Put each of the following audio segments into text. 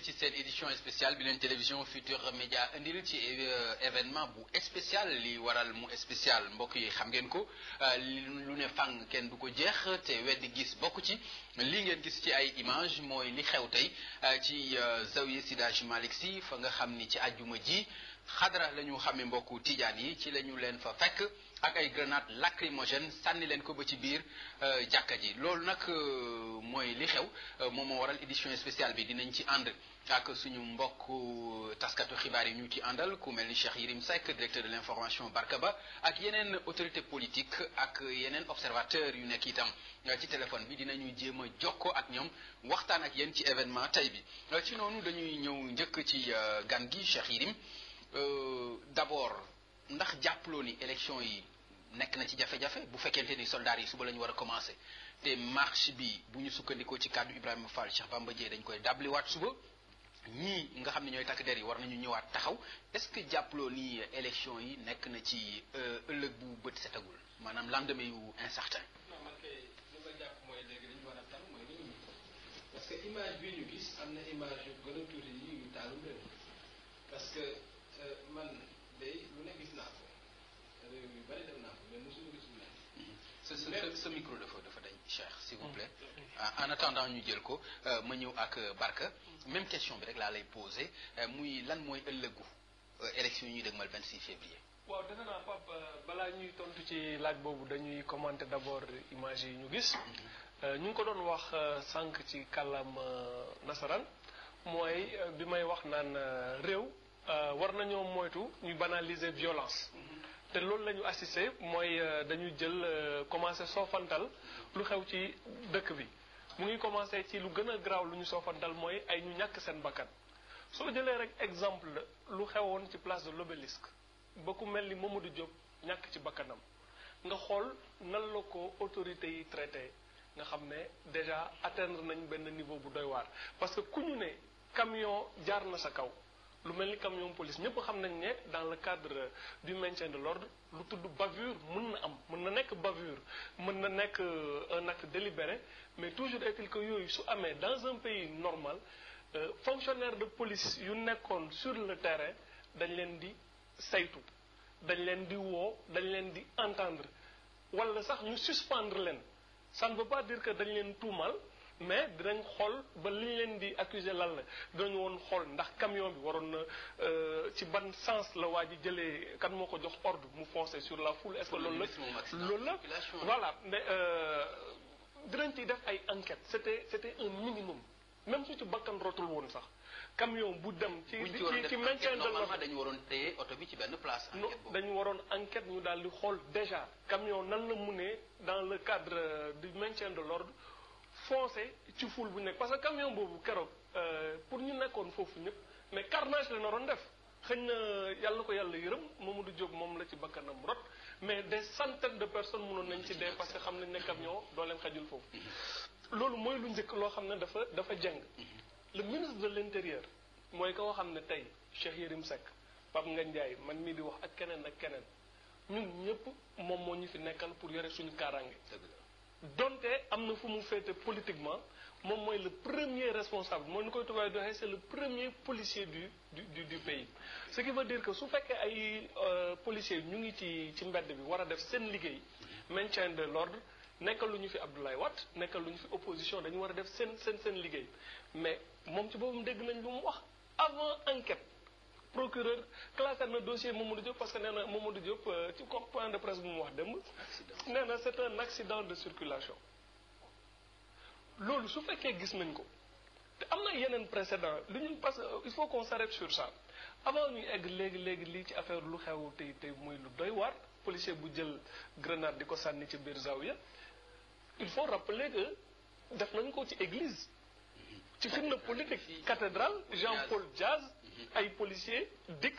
ci seen édition spéciale bi leen télévision Futurs Médias indil ci euh, événement bu spécial li waral mu spécial mbokk yi xam ngeen ko euh, lu ne kenn du ko jeex te weddi gis bokk ci li ngeen gis ci ay image mooy li xew tey euh, ci zawiya Sidaaj Malick Sy fa nga xam ni ci àjjuma ji xadra la ñu xamee mbokku tijaan yi ci la leen fa fekk ak ay grenades lacrymogènes sànni leen ko ba ci biir euh, jàkka ji loolu nag euh, mooy li xew euh, moom moo waral édition spéciale bi dinañ ci ànd ak suñu mbokk taskatu xibaar yi ñu ci àndal ku mel ni Cheikh Yirim Seck directeur de l'information ba ak yeneen autorité politique ak yeneen observateur yu nekk itam ci téléphone bi dinañu jéem a jokkoo ak ñoom waxtaan ak yéen ci événement tey bi ci noonu dañuy ñëw njëkk ci gan gi Cheikh Yirim d'abord ndax jàppaloo ni élection yi nekk na ci jafe-jafe bu fekkente ni soldats yi suba la ñu war a commencer te marche bi bu ñu sukkandikoo ci kàddu Ibrahima Fall Cheikh Bamba Dièye dañ koy dabliwaat suba ñii nga xam ne ñooy takk der yi war nañu ñëwaat taxaw est-ce que jàppaloo ni élection yi nekk na ci euh, ëllëg bu bët setagul maanaam lendemain yu incertain. non a tal mooy parce que image bi ñu gis a tuuti yi yu que euh, man sa micro dafa dafa dañ Cheikh s'il vous plaît ah, en attendant ñu jël ko euh, ma ñëw ak euh, Barka même question bi rek laa lay posé euh, muy lan mooy ëllëgu élection yi ñuy dëgmal 26 février waaw defe naa Pape balaa ñuy tontu ci laaj boobu dañuy commenter d'abord image yi ñu gis mhm. ñu ngi ko doon wax sànq ci kàllaam nasaraan mooy bi may wax naan réew war nañoo moytu ñu banaliser violence mhm. te loolu lañu ñu assisté mooy euh, dañu jël euh, commencé soofantal lu xew ci dëkk bi mu ngi commencé ci lu gën a garaaw lu ñu soofantal mooy ay ñu ñàkk seen bakkan soo jëlee rek exemple lu xewoon ci place de l'obélisque ba ku mel ni Mamadou Diop ñàkk ci bakkanam nga xool nan la ko autorités yi traité nga xam ne déjà atteindre nañ benn niveau bu doy waar parce que ku ñu ne camion jaar na sa kaw lu mel ni camion police ñëpp xam nañ ne dans le cadre du maintien de l'ordre lu tudd bavure mën na am mën na nekk bavure mën na nekk euh, un acte délibéré mais toujours est-il que yooyu su amee dans un pays normal euh, fonctionnaire de police yu nekkoon sur le terrain dañ leen di saytu dañ leen di woo dañ leen di entendre walla sax ñu suspendre leen ça ne veut pas dire que dañ leen tuumaal mais dinañ xool ba liñ leen di accuser lan la dinañ woon xool ndax camion bi waroon na euh, ci ban sens la waa ji jëlee kan moo ko jox ordre mu foncer sur la foule est-ce que loolu la loolu la voilà mais euh, dinañ ci def ay enquête c'était c'était un minimum même su ci bakkan rotul woon sax camion bu dem ci ci ci maintien de l'ordre dañu waroon téye oto bi ci benn place dañu waroon enquête ñu daal di xool déjà camion nan la mu ne dans le cadre euh, di maintien de l'ordre foncé ci foule bu nekk parce que camion boobu keroog euh, pour ñu nekkoon foofu ñëpp mais carnage la naroon def xëñ na yàlla na ko yàlla yërëm moom du jóg moom la ci bakkanam rot mais de centaines de personnes mënoon nañ ci dee parce que xam nañ ne camion doo leen xajul foofu loolu mooy lu njëkk loo xam ne dafa dafa jeng le ministre de l'intérieur mooy ko xam ne tey Cheikh Yérim Seck Pape Ngagne njaay man mii di wax ak keneen ak keneen ñun ñëpp moom moo ñu fi nekkal pour yore suñu kaaraange donte am na fu mu féete politiquement moom mooy le premier responsable mooy nu koy tubaab di waxee c'est le premier policier du du du pays ce qui veut dire que su fekkee ay euh, policiers ñu ngi ci ci mbedd bi war a def seen liggéey maintien de l'ordre nekkal lu ñu fi Abdoulaye Wade nekkal lu ñu fi opposition dañu war a def seen seen seen liggéey mais moom ci boppam dégg nañ lu mu wax avant enquête procureur classé na dossier Mamadou Diop parce que nee na Mamadou Diop euh, ci comme point de presse bu mu wax démb. nee na accident de circulation. loolu su fekkee gis nañ ko te am na yeneen précédent lu ñu parce que euh, il faut qu'on s'arrête sur ça avant ñu egg léegi léegi lii ci affaire lu xew tey tey muy lu doy waar policier bu jël grenade di ko sànni ci biir zawiya il faut rappeler que def nañ ko ci église. ci film politique cathédrale Jean-Paul Diaz ay policiers dikk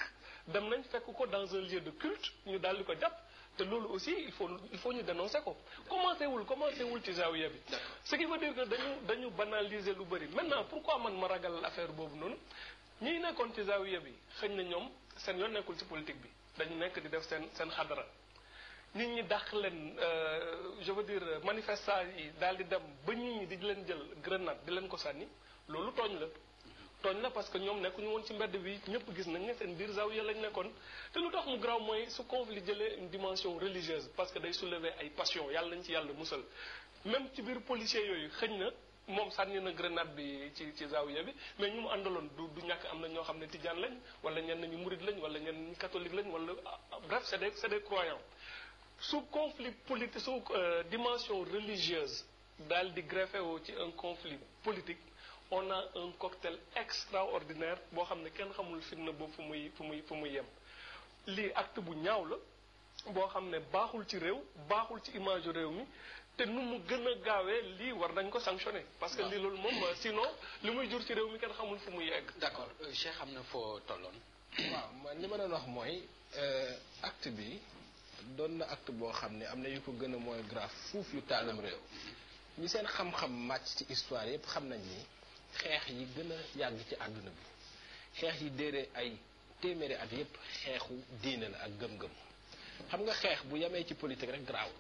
dem nañ fekk ko dans un lieu de culte ñu daal di ko jàpp te loolu aussi il faut il faut ñu dénoncer ko commencé wul commencé wul ci zawiya bi ce qui veut dire que dañu dañu banaliser lu bëri maintenant pourquoi man ma ragal affaire boobu noonu ñiy nekkoon ci zawiya bi xëñ na ñoom seen yoon nekkul ci politique bi dañu nekk di def seen seen xadara nit ñi dàq leen euh, je veux dire manifestation yi daal di dem ba nit ñi di leen jël grenade di leen ko sànni loolu tooñ la tooñ la parce que ñoom nekkuñu woon ci mbedd bi ñëpp gis nañ ne seen biir zawiya lañ nekkoon te lu tax mu graw mooy su conflit jëlee une dimension religieuse parce que day soulever ay passion yàlla nañ ci yàlla musal même ci biir policier yooyu xëñ na moom sànni na grenade bi ci ci zawiya bi mais ñu mu àndaloon du du ñàkk am na ñoo xam ne tijaan lañ wala ñenn ñu murid lañ wala ñenn ñu catholique lañ wala ah, bref c'est des c'est des croyants su conflit politique euh, dimension religieuse daal di greffé woo ci un conflit politique on a un cocktail extraordinaire boo xam ne kenn xamul fitna ba fu muy fu muy fu muy yem lii acte bu ñaaw la boo xam ne baaxul ci réew baaxul ci image réew mi te nu mu gën a gaawee lii war nañ ko sanctionné parce que lii loolu moom sinon li muy jur ci réew mi kenn xamul fu muy yegg d'accord euh, Cheikh xam na foo tolloon waaw man ma doon wax mooy euh, act bi doon na acte boo xam ne am na yu ko gën a mooy grave fuuf yu taalum réew ñu seen xam-xam màcc ci histoire yépp xam nañ xeex yi gën a yàgg ci àdduna bi xeex yi déere ay téeméeri at yépp xeexu diine la ak gëm-gëm xam nga xeex bu yamee ci politique rek garaawul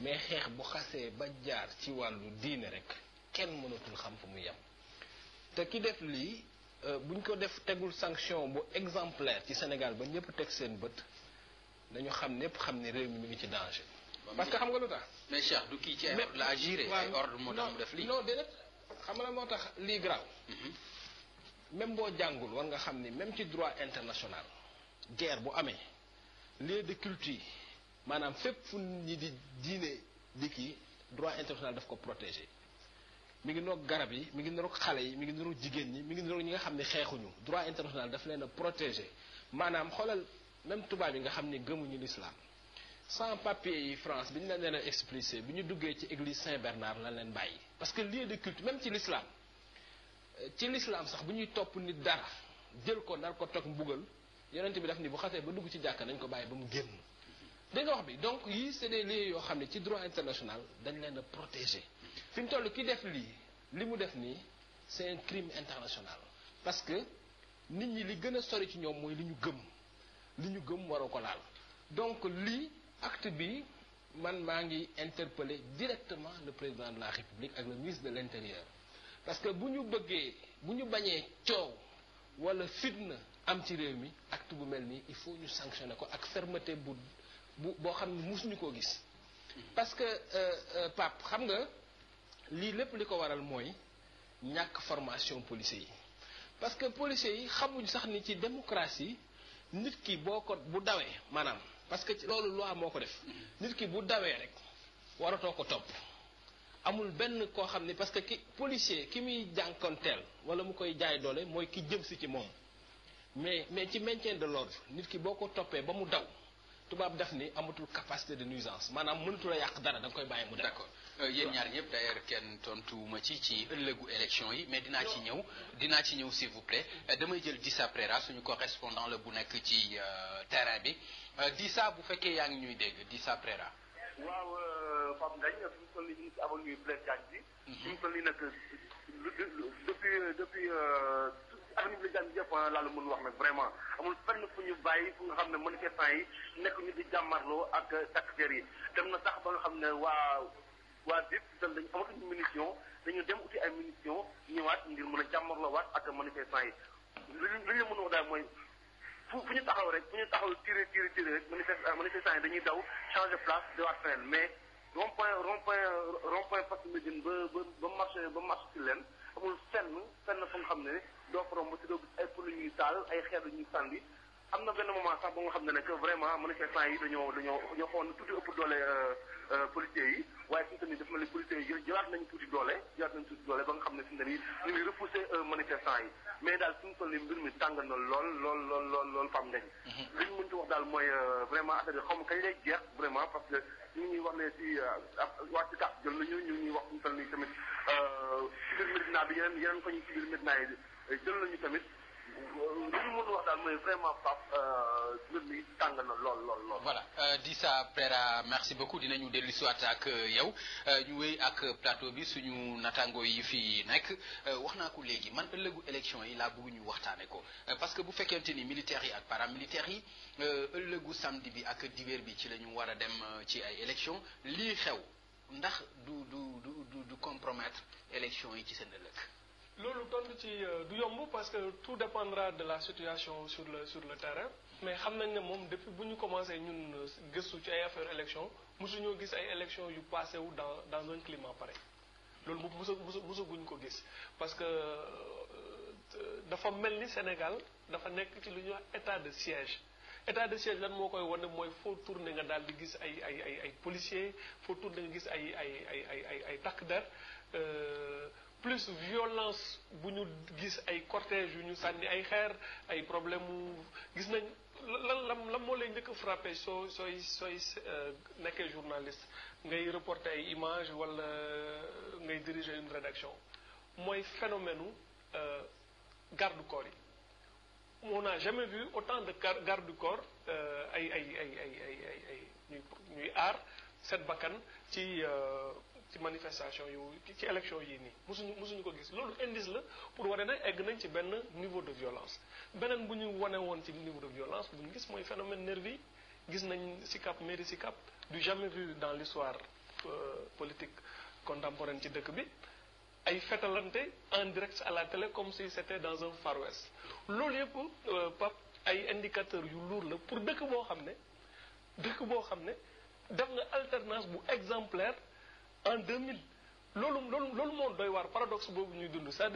mais xeex bu xasee ba jaar ci wàllu diine rek kenn mënatul xam fu mu yem te ki def lii euh, buñ ko def tegul sanction bu exemplaire ci Sénégal ba ñëpp teg seen bët dañu xam ñëpp xam ni réew mi mu ngi ci danger parce que xam nga lu tax mais du kii ci ay ordre la agir ay ordre moo tax mu def lii xam moo tax lii garaaw mhm. même boo jàngul war nga xam ni même ci droit international guerre bu amee lieu de culte yi maanaam fépp fu ñi di diine di kii droit international daf ko protéger mi ngi noog garab yi mu ngi noog xale yi mi ngi noog jigéen ñi mi ngi noog ñi nga xam ne xeexuñu droit international daf neen a protéger maanaam xoolal même tubaab yi nga xam ne gëmuñu lislaam sans papier yi France bi ñu leen leen expulsé bi ñu duggee ci église Saint-Bernard la leen bàyyi parce que lieu de culte même ci l'islam ci l'islam sax bu ñuy topp nit dara jël ko nar ko toog mbugal yonent bi daf ni bu xasee ba dugg ci jàkk nañ ko bàyyi ba mu génn da nga wax bi donc yi c'est des lieux yoo xam ne ci droit international dañ leen a protéger fi mu toll ki def lii li mu def nii c'est un crime international parce que nit ñi li gën a sori ci ñoom mooy li ñu gëm li ñu gëm waroo ko laal acte bi man maa ngi interpeller directement le président de la république ak le ministre de l'intérieur parce que bu ñu bëggee bu ñu bañee coow wala fitna am ci réew mi acte bu mel nii il faut ñu sanctionner ko ak fermeté bu bu boo xam ne mosuñu koo gis parce que euh, euh, Pape xam nga lii lépp li ko waral mooy ñàkk formation policiers yi parce que policiers yi xamuñ sax ni ci démocratie nit ki boo ko bu dawee maanaam parce que loolu loi moo ko def nit ki bu dawee rek waratoo ko topp amul benn koo xam ne parce que ki policier ki muy jànkonteel wala mu koy jaay doole mooy ki jëm si ci moom mais mais ci maintien de l'ordre nit ki boo ko toppee ba mu daw tubaab def ni amatul capacité de nuisance maanaam mënatul yàq dara da nga koy bàyyi mu d'accord Euh, yéen ñaar ñëpp d'ailleurs kenn tontuwuma ci ci ëllëgu élection yi mais dinaa ci ñëw dinaa ci ñëw si vous plaît euh, damay jël Dissa Préra suñu correspondant la bu nekk ci euh, terrain bi Dissa bu fekkee yaa ngi ñuy dégg Dissa Préra. waaw Pape Ngagne fi mu toll nii ñu ngi mhm. depuis depuis avenue Blaise Diagne bi yëpp laa la mën wax nag vraiment amul fenn fu ñu bàyyi fu nga xam ne manifestants yi nekk ñu di jàmmarloo ak takk der yi dem na sax ba nga xam ne waa. waa DIP itam dañu amatuñu munition dañu dem uti ay munition ñëwaat ngir mën a jàmmarloowaat ak manifestant yi. li ñu ñu mën a wax daal mooy fu fu ñu taxaw rek fu ñu taxaw tiré tiré tiré rek ah, manifestant yi dañuy daw changer place di waat feneen mais rond point rond point rond point ba ba ba marché ba marché ci leen amul fenn fenn fu nga xam ne doo ko romb ci doo gis ay pôles ñuy taal ay xeer ñuy sànni. am na benn moment sax ba nga xam ne ne que vraiment manifestant yi dañoo dañoo dañoo Euh, policiers yi waaye fi mu toll nii dafa mel ni policiers yi jëlaat nañu tuuti doole jëlaat nañu tuuti doole ba nga xam ne fi mu toll nii ñu ngi repoussé euh, manifestants yi mais daal fi mu toll mbir mi tàng na lool lool lool lool lool fam ngañ mhm. li ñu mën ci wax daal mooy euh, vraiment affaire bi xaw ma kañ lay jeex vraiment parce que ñu ngi wax ne si waa si kàpp jël nañu ñu ñuy wax fi mu toll nii tamit naa biir Medina bi yeneen yeneen ko ñu ci biir Medina jël nañu tamit li ñu wax daal mooy vraiment Pape mbir euh, mi tàng na lool lool lool. voilà euh, Dissa Pera euh, merci beaucoup dinañu dellu si waat ak yow ñu wéy ak plateau bi suñu natango yi fi nekk wax naa ko léegi man ëllëgu élection yi la bëgg ñu waxtaane ko parce que bu fekkente ni militaires yi ak paramilitaires yi ëllëgu samedi bi ak diweer bi ci lañu ñu war a dem ci ay élection lii xew ndax du du du du compromettre élection yi ci seen ëllëg. loolu tontu ci euh, du yomb parce que tout dépendra de la situation sur le sur le terrain mais xam nañ ne moom depuis bu ñu commencé ñun euh, gëstu ci ay affaire élection mosuñoo gis ay élection yu passé wu dans dans un climat pareil loolu mosu mosu mosaguñ ko gis parce que euh, dafa mel ni Sénégal dafa nekk ci lu ñuy wax état de siège état de siège lan moo koy wane mooy foo tourné nga daal di gis ay ay ay ay policiers foo tourné nga gis ay ay ay ay ay takk der plus violence bu ñu gis ay cortège yu ñu sànni ay xeer ay problème mu gis nañ lan la lan moo lay njëkk a frappé soo sooy sooy euh, nekkee journaliste ngay reporter ay image wala euh, ngay diriger une rédaction mooy phénomène u euh, garde corps yi on n'a jamais vu autant de garde du corps ay ay ay ay ay ay ay ñuy ñuy aar set bakkan ci ci manifestation yu ci élection yi nii mosuñu mosuñu ko gis loolu indice la pour wane na egg nañ ci benn niveau de violence beneen bu ñu wane woon ci niveau de violence bu ñu gis mooy phénomène nervi gis nañ Sicap mairie Sicap du jamais vu dans l'histoire euh, politique contemporaine ci dëkk bi ay fetalante en direct à la télé comme si c'était dans un Far West loolu yëpp euh, pap ay indicateurs yu luur la pour dëkk boo xam ne dëkk boo xam ne def nga alternance bu exemplaire en 2000 loolu loolu loolu moo doy waar paradox boobu ñuy dund cest à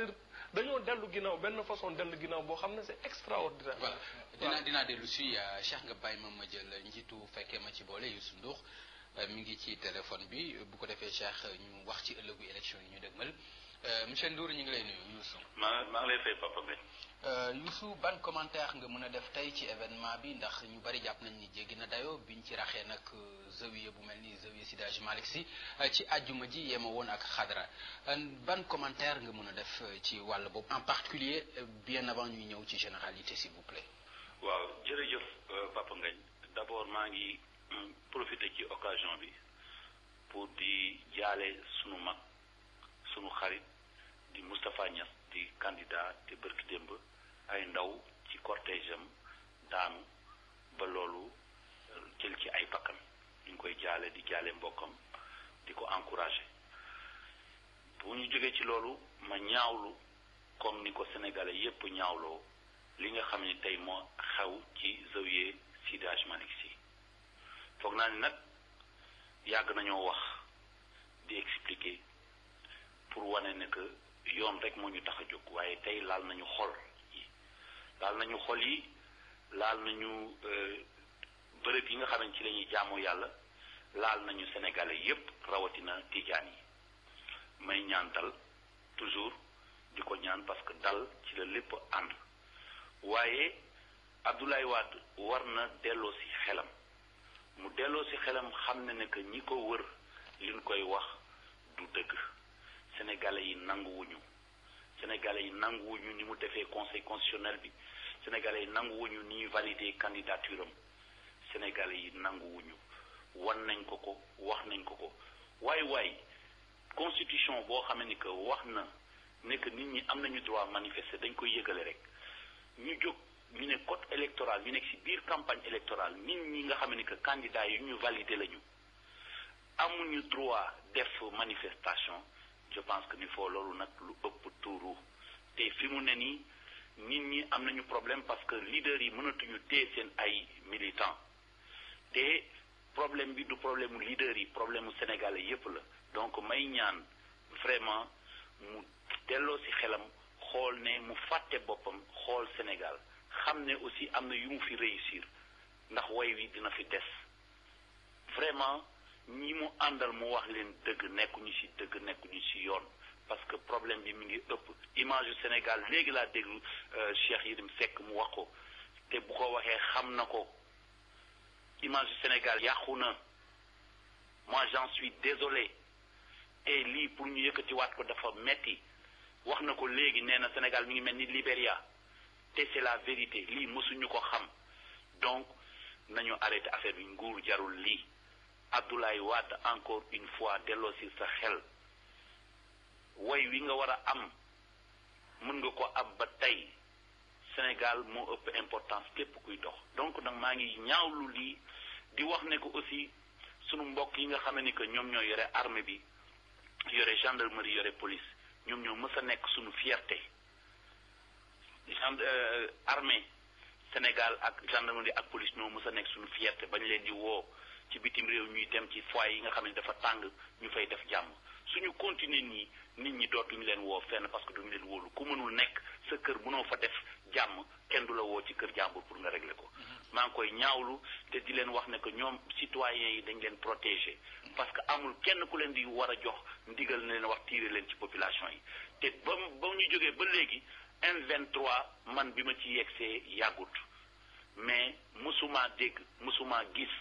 dañoo dellu ginnaaw benn façon dellu ginnaaw boo xam ne c'est extraordinaire. voilà dinaa dinaa dellu si euh, Cheikh nga bàyyi ma ma jël njiitu fekkee ma ci boole Youssou Ndour euh, mi ngi ci téléphone bi bu ko defee Cheikh ñu wax ci ëllëgu élection yi ñu dégmal euh, monsieur Ndour ñu ngi lay nuyu maa maa lay fay papa bi. Euh, Youssou ban commentaire nga mën a def tey ci événement bi ndax ñu bari jàpp nañ ni jéggi na dayo biñ ci raxee nag euh, zawiya bu mel ni zawiya Seydi Hadji Malick euh, ci àjjuma ji yema woon ak xadra ban commentaire nga mën a def ci wàll boobu en particulier bien avant ñuy ñëw ci généralité s'il vous plaît waaw jërëjëf Papa Ngagne d'abord maa ngi profiter ci occasion bi pour di jaale sunu mag sunu xarit di Moustapha Niass di candidat te bërki démb ay ndaw ci cortège am daanu ba loolu euh, jël ci ay bakkan ñu ngi koy jaale di jaale mbokkam di ko encouragé bu ñu jógee ci loolu ma ñaawlu comme ni ko sénégalais yépp ñaawloo li nga xam ni tey moo xew ci zawiya sidage Hadji Malick foog naa ni nag yàgg nañoo wax di expliquer pour wane ne que yoon rek moo tax a jóg waaye tey laal nañu xol laal nañu xol yi laal nañu euh, bërëb yi nga xam ne ci la ñuy yàlla laal nañu sénégalais yépp rawatina tijaan yi may ñaan dal toujours di ko ñaan parce que dal ci la lépp ànd waaye Abdoulaye Wade war na delloo ci xelam mu delloo ci xelam xam ne ne que ñi ko wër liñ koy wax du dëgg sénégalais yi nanguwuñu sénégalais yi nanguwuñu ni mu defee conseil constitutionnel bi sénégalais yi nanguwuñu nii valider candidature am sénégalais yi nanguwuñu wan nañ ko ko wax nañ ko ko waaye waaye constitution boo xamee ni que wax na ne que nit ñi am nañu droit manifester dañ koy yëgale rek ñu jóg ñu ne code électoral ñu nekk ci biir campagne électorale nit ñi nga xam ne que candidat yu ñu valider lañu amuñu droit def manifestation je pense que ni foo loolu nag lu ëpp tuuru te fi mu ne nii nit ñi am nañu problème parce que leader yi mënatuñu téye seen ay militants te problème bi du problème mu leader yi problème mu sénégalais yépp la donc may ñaan vraiment mu delloo ci xelam xool ne mu fàtte boppam xool Sénégal xam ne aussi am na yu mu fi réussir ndax way wi dina fi des vraiment ñi mu àndal mu wax leen dëgg nekkuñu ci dëgg nekkuñu ci yoon parce que problème bi mu ngi ëpp image yu Sénégal léegi laa déglu euh, Cheikh Yérim Seck mu wax ko te bu ko waxee xam na ko image yu Sénégal yàqu na mois j'en suis désolé te lii pour ñu yëkkatiwaat ko dafa metti wax na ko léegi nee na Sénégal mi ngi mel ni Libéria te c'est la vérité lii mësuñu ko xam donc nañu arrêté affaire bi nguur jarul lii Abdoulaye waat encore une fois dello si sa xel way wi nga war a am mën nga ko ab ba tey Sénégal moo ëpp importance képp kuy dox donc nag maa ngi ñaawlu lii di wax ne ko aussi sunu mbokk yi nga xam ni que ñoom ñoo yore armée bi yore gendarmerie yore police ñoom ñoo mës a nekk sunu fierté gendre euh, armée Sénégal ak gendarmerie ak police ñoo mës a nekk sunu fierté bañ leen di woo ci bitim réew ñuy dem ci foyer yi nga xam ne dafa tàng ñu fay def jàmm. suñu continuer nii nit ñi dootuñu leen woo fenn parce que duñu leen wóolu ku mënul nekk sa kër mënoo fa def jàmm kenn du la woo ci kër jàmbur pour nga régler ko mm-hmm. maa ngi koy ñaawlu te di leen wax ne que ñoom citoyens yi dañ leen protéger parce que amul kenn ku leen di war a jox ndigal na leen wax tiire leen ci population yi te ba ba ñu jógee ba léegi M23 man bi ma ci yegsee yàggut mais mësuma dégg mësuma gis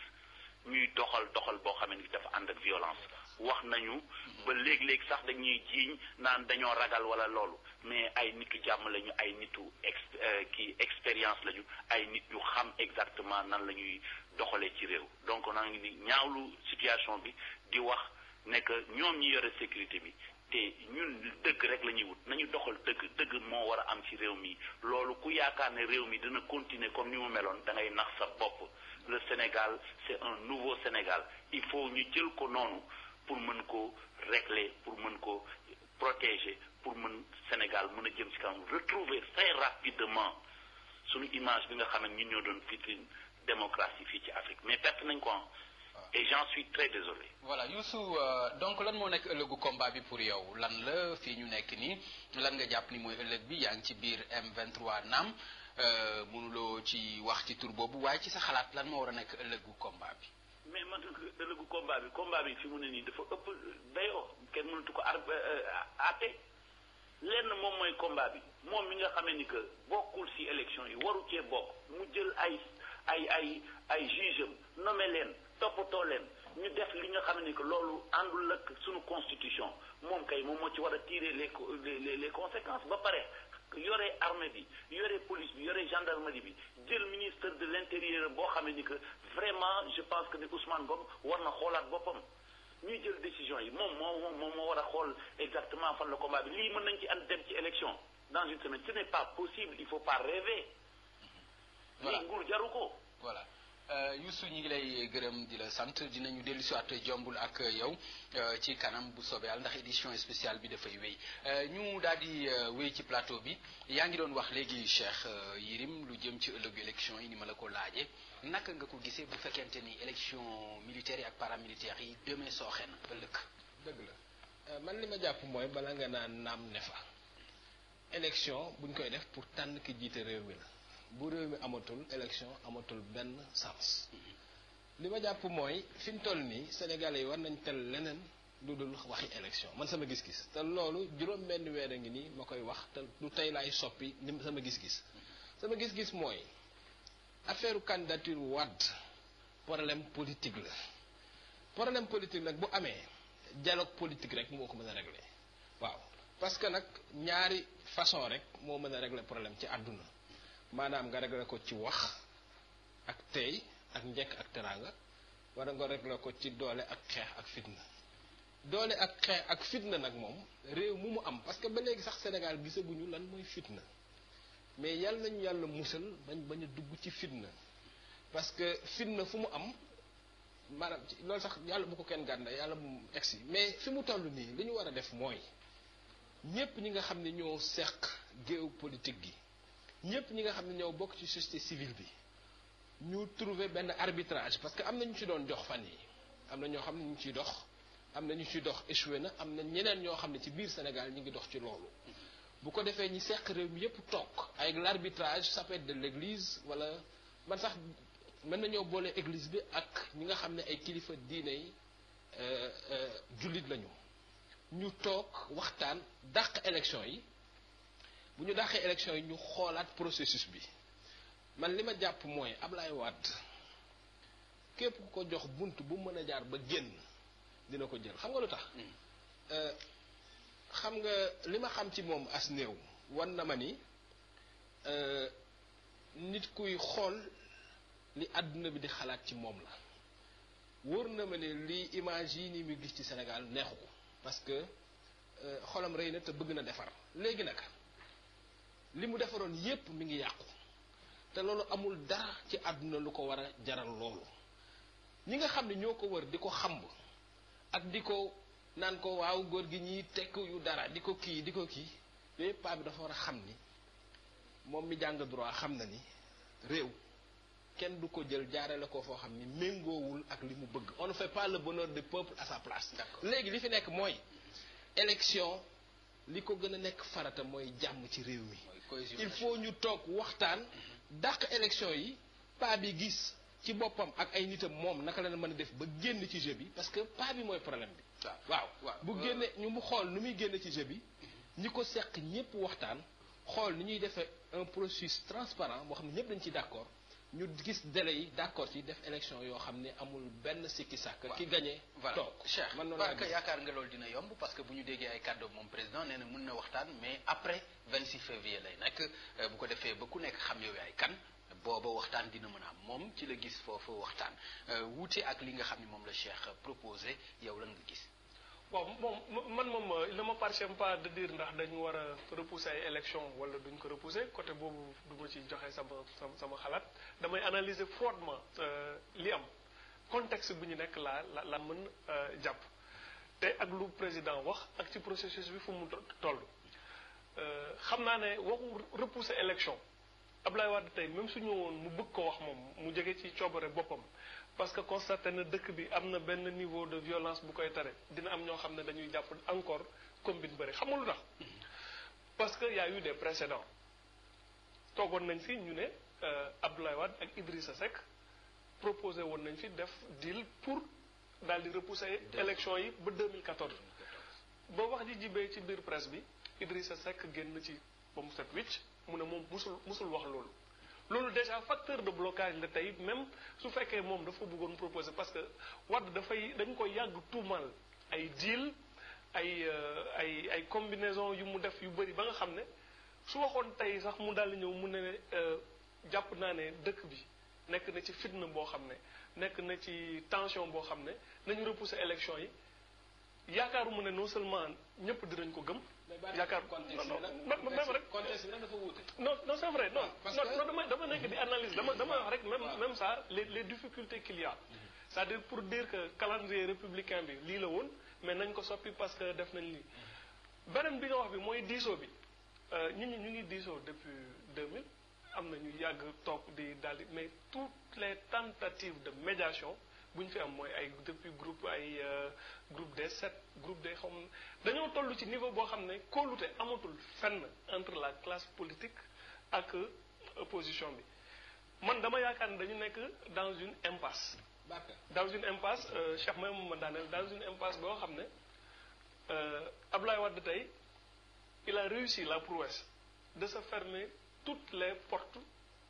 ñuy doxal doxal boo xam ne ànd ak violence wax nañu ba léeg-léeg sax dañuy jiiñ naan dañoo ragal wala loolu mais ay nitu jàmm lañu ay nitu ex euh, kii expérience lañu ay nit yu xam exactement nan la ñuy doxalee ci réew donc naa ngi ni ñaawlu situation bi di wax ne que ñoom ñi yore sécurité bi te ñun dëgg rek la ñuy wut nañu doxal dëgg dëgg moo war am ci réew mi loolu ku yaakaar ne réew mi dina continuer comme ni mu meloon dangay nax sa bopp le Sénégal c'est un nouveau Sénégal il faut ñu jël ko noonu pour mën koo régler pour mën koo protéger pour mën Sénégal mën a jëm ci kanam retrouver très rapidement suñu image bi nga xam ne ñun ñoo doon vitrine démocratie fii ci Afrique mais perte nañ ko ah. et j'en suis très désolé. voilà Youssou euh, donc lan moo nekk ëllëgu combat bi pour yow lan la fii ñu nekk nii lan nga jàpp ni mooy ëllëg bi yaa ngi ci biir M23 naam euh, mënuloo ci wax ci tur boobu waaye ci sa xalaat lan moo war a nekk ëllëgu combat bi. mais man ëllëgu combat bi combat bi fi mu ne nii dafa ëpp dayoo kenn mënatu ko ar euh, euh, àtte lenn moom mooy combat bi moom mi nga xamee ni que bokkul ci élection yi waru cee bokk mu jël ay ay ay ay juge am nommé leen toppatoo leen ñu def li nga xam ne que loolu àndul ak suñu constitution moom kay moom moo ci war a tirer les les ba pare yore armée bi yore police bi yore gendarmerie bi jël ministre de l' intérieur boo xamee ni que vraiment je pense que ni Ousmane Ngom war na xoolaat boppam ñuy jël décision yi moom moo moom moo war a xool exactement fan la combat bi lii mën nañ ci ànd dem ci élection dans une semaine ce n' est pas possible il faut pas rêver. voilà nguur jaru ko. voilà. Euh, Youssou ñu ngi lay gërëm di la sant dinañu dellu si waat jombul ak yow euh, ci kanam bu soobee yàlla ndax édition spéciale bi dafay wéy euh, ñu daal di wéy ci plateau bi yaa ngi doon wax léegi Cheikh Yérim lu jëm ci ëllëgu élection yi ni ma la ko laajee naka nga ko gisee bu fekkente ni élection militaire yi ak paramilitaire yi demee sooxe na ëllëg. dëgg la man li ma jàpp mooy bala nga naan naam ne fa élection buñ koy def pour tànn ki jiite réew mi la. bu réew mi amatul élection amatul benn sens li ma jàpp mooy fi mu toll nii Sénégalais yi war nañ tel leneen lu dul waxi élection man sama gis-gis te loolu juróom benn weer a ngi nii ma koy wax te du tey laay soppi li sama gis-gis sama gis-gis mooy affaire candidature Wade problème politique la problème politique nag bu amee dialogue politique rek moo ko mën a régle waaw parce que nag ñaari façon rek moo mën a régler problème ci àdduna maanaam nga réglé ko ci wax ak tey ak njekk ak war wala nga réglé ko ci doole ak xeex ak fitna doole ak xeex ak fitna nag moom réew mu mu am parce que ba léegi sax Sénégal gisaguñu lan mooy fitna mais yàlla nañu yàlla musal bañ bañ a dugg ci fitna parce que fitna fu mu am maanaam loolu sax yàlla bu ko kenn gànda yàlla mu egsi mais fi mu toll nii li ñu war a def mooy ñépp ñi nga xam ne ñoo seq géopolitique gi ñëpp ñi nga xam ne ñëw bokk ci société civile bi ñu trouver benn arbitrage parce que am na ñu ci doon jox fan yi am na ñoo xam ne ñu ciy dox am na ñu ciy dox échoué na am na ñeneen ñoo xam ne ci biir Sénégal ñu ngi dox ci loolu. bu ko defee ñi seq réew mi yëpp toog ay larbitrage arbitrage de l' wala man sax mën nañoo boole église bi ak ñi nga xam ne ay kilifa diine yi euh, euh, jullit lañu ñu toog waxtaan dàq élection yi. bu ñu dàqee élection yi ñu xoolaat processus bi man li ma jàpp mooy Ablaye Wade képp ku ko jox bunt bu mën a jaar ba génn dina ko jël xam nga lu tax hmm. euh, xam nga li ma xam ci moom as néew wan na ma ni euh, nit kuy xool li àdduna bi di xalaat ci moom la wóor na ma ne lii image yi nii mu gis ci Sénégal neexu ko parce que euh, xolam rey na te bëgg na defar léegi nag li mu defaroon yépp mu ngi yàqu te loolu amul dara ci àdduna lu ko war a jaral loolu ñi nga xam ne ñoo ko war di ko xamb ak di ko naan ko waaw góor gi ñiy tekk yu dara di ko kii di ko kii yooyu paa bi dafa war a xam ni moom mi jàng droit xam na ni réew kenn du ko jël jaarale ko foo xam ni méngoowul ak li mu bëgg on ne fait pas le bonheur du peuple à sa place léegi li fi nekk mooy élection li ko gën a nekk farata mooy jàmm ci réew mi il faut ñu toog waxtaan dàq élection yi paa bi gis ci boppam ak ay nitam moom naka la mën a def ba génn ci jeu bi parce que paa bi mooy problème bi ah, waaw bu génne ñu mu xool nu muy génn ci jeu bi ñi ko seq ñëpp waxtaan xool ni ñuy defee un processus transparent moo xam ne ñëpp dañ ci d'accord ñu gis délai yi d'accord ci def élection yoo xam ne amul benn sikki sàkk ki gagné toog Cheikh man na laa yaakaar nga loolu dina yomb parce que bu ñu déggee ay kàddoom moom président nee na mën na waxtaan mais après 26 février lay nekk euh, bu ko defee ba ku nekk xam yow yaay kan booba waxtaan dina mën a am moom ci la gis foofu waxtaan euh, wuute ak li nga xam ni moom la Cheikh proposé yow lan nga gis bon bon man moom euh, il ne m'appartient pas de dire ndax dañu war a repousser ay élections wala duñ ko repousser côté boobu du ma ci joxe sama sama sama xalaat damay analyser froidement euh, li am contexte bu ñu nekk laa la la mën euh, jàpp te ak lu président wax ak ci processus bi fu mu toll xam naa ne waxu repousser élection Ablaye Wade tey même su ñëwoon mu bëgg ko wax moom mu jóge ci coobare boppam parce que constaté na dëkk bi am na benn niveau de violence bu koy taree dina am ñoo xam ne dañuy jàpp encore combine bëri xam nga tax parce que y a eu des toogoon nañ fi ñu ne euh, Abdoulaye Wade ak Idrissa Seck proposé woon nañ fi def deal pour daal di repouse élection yi ba 2014 ba wax ji jibee ci biir presse bi Idrissa Seck génn ci ba mu set wicc mu ne moom musul musul wax loolu loolu déjà facteur de blocage la tey même su fekkee moom dafa bëggoon proposer parce que Wade dafay dañ koy yàgg tuumal ay deal ay euh, ay ay combinaison yu mu def yu bëri ba nga xam ne su waxoon tey sax mu daal ñëw mu ne euh, jàpp naa ne dëkk bi nekk na ci fitna boo xam ne nekk na ci tension boo xam ne nañu repousser élection yi yaakaaruma ne non seulement ñëpp dinañ ko gëm. yaakaar même rek. contexte bi nag dafa wuute. que dama dama nekk di analyse dama dama wax rek même même ça les les difficultés qu'il y a. Mhm. c' est à dire pour dire que calendrier républicain bi lii la woon mais nañ ko soppi parce que def nañ lii. Mhm. beneen bi nga wax bi mooy diisoo bi ñun euh, ñu ñu ngi diisoo depuis 2000 am na ñu yàgg toog di daal di mais toutes les tentatives de médiation. bu ñu fi am mooy ay depuis groupe ay euh, groupe des sept groupe de xaw dañoo tollu ci niveau boo xam ne kóolute amatul fenn entre la classe politique ak euh, position bi man dama yaakaar ne dañu nekk dans une impasse. dans une impasse euh, Cheikh may moom ma daaneel dans une impasse boo xam ne Abdoulaye Wade tey il a réussi la prouesse de se fermer toutes les portes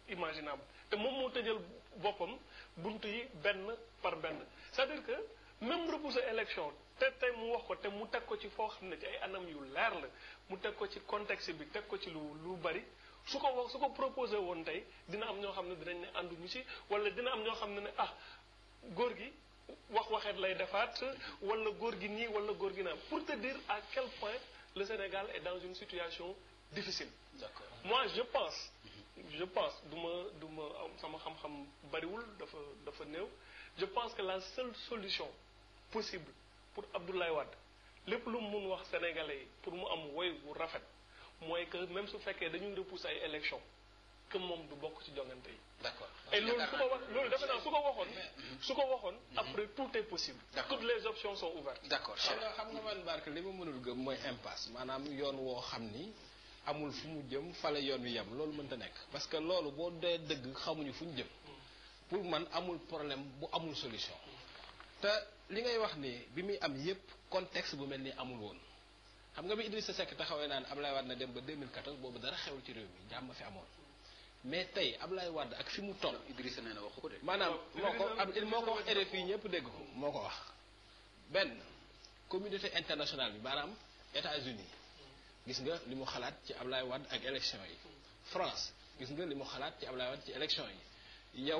imaginables te moom moo tëjal boppam bunt yi benn. par benn cest dire que même repousser élection te tey mu wax ko te mu teg ko ci foo xam ne ci ay anam yu leer la mu teg ko ci contexte bi teg ko ci lu lu bari su ko wax su ko proposé woon tey dina am ñoo xam ne dinañ ne ànduñu ci wala dina am ñoo xam ne ne ah góor gi wax waxeet lay defaat walla góor gi nii wala góor gi naam pour te dire à quel point le Sénégal est dans une situation difficile. D'accord. Moi je pense. je pense du ma du ma sama xam-xam bariwul dafa dafa néew. je pense que la seule solution possible pour Abdoulaye Wade lépp lu mu mun wax sénégalais yi pour mu am woy wu rafet mooy que même su fekkee dañu repousser ay élections que moom du bokk ci jongante yi. d'accord et loolu su loolu defe naa su ko waxoon. su ko waxoon mm-hmm. après tout est possible. toutes les options sont ouvertes. d'accord xam nga xam nga li ma mënul gëm mooy impasse maanaam yoon woo xam ni. amul fu mu jëm fale yoon wi yem loolu mënta nekk parce que loolu boo dee dëgg xamuñu fu ñu jëm pour man amul problème bu amul solution te li ngay wax ni bi muy am yépp contexte bu mel ni amul woon xam nga bi Idrissa Seck taxawee naan Ablaye Wade na dem ba 2014 boobu dara xewul ci réew mi jàmm fi amoon mais tey ab Ablaye wadd ak fi mu toll. Idrissa na waxu ko maanaam moo ko ab moo ko wax RFI ñëpp dégg ko moo ko wax benn communauté internationale bi maanaam États-Unis gis nga li mu xalaat ci Ablaye Wade ak élection yi France gis nga li mu xalaat ci Ablaye Wade ci élection yi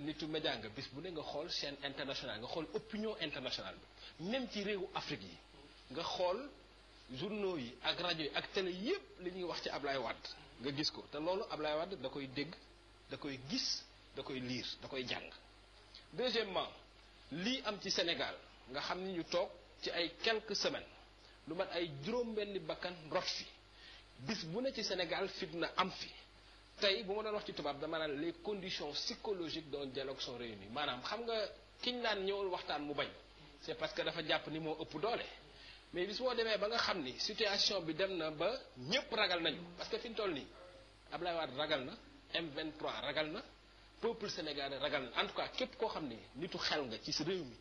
nitu média nga bis bu ne nga xool chaîne internationale nga xool opinion internationale bi même ci réewu Afrique yi nga xool journaux yi ak rajo yi ak télé yépp li ñuy wax ci Ablaye Wade nga gis ko te loolu Ablaye Wade da koy dégg da koy gis da koy liir da koy jàng deuxièmement lii am ci Sénégal nga xam ni ñu toog ci ay quelques semaines lu mat ay juróom-benni bakkan rot fi bis bu ne ci Sénégal fitna am fi tey bu ma doon wax ci tubaab dama naan les condition psychologiques d'un dialogue sont réunies maanaam xam nga kiñ naan ñëwul waxtaan mu bañ c'est parce que dafa jàpp ni moo ëpp doole mais bis boo demee ba nga xam ni situation bi dem na ba ñëpp ragal nañu parce que fi ñu toll nii Ablaye Wade ragal na M23 ragal na peuple sénégalais ragal na en tout cas képp koo xam ni nitu xel nga ci réew mi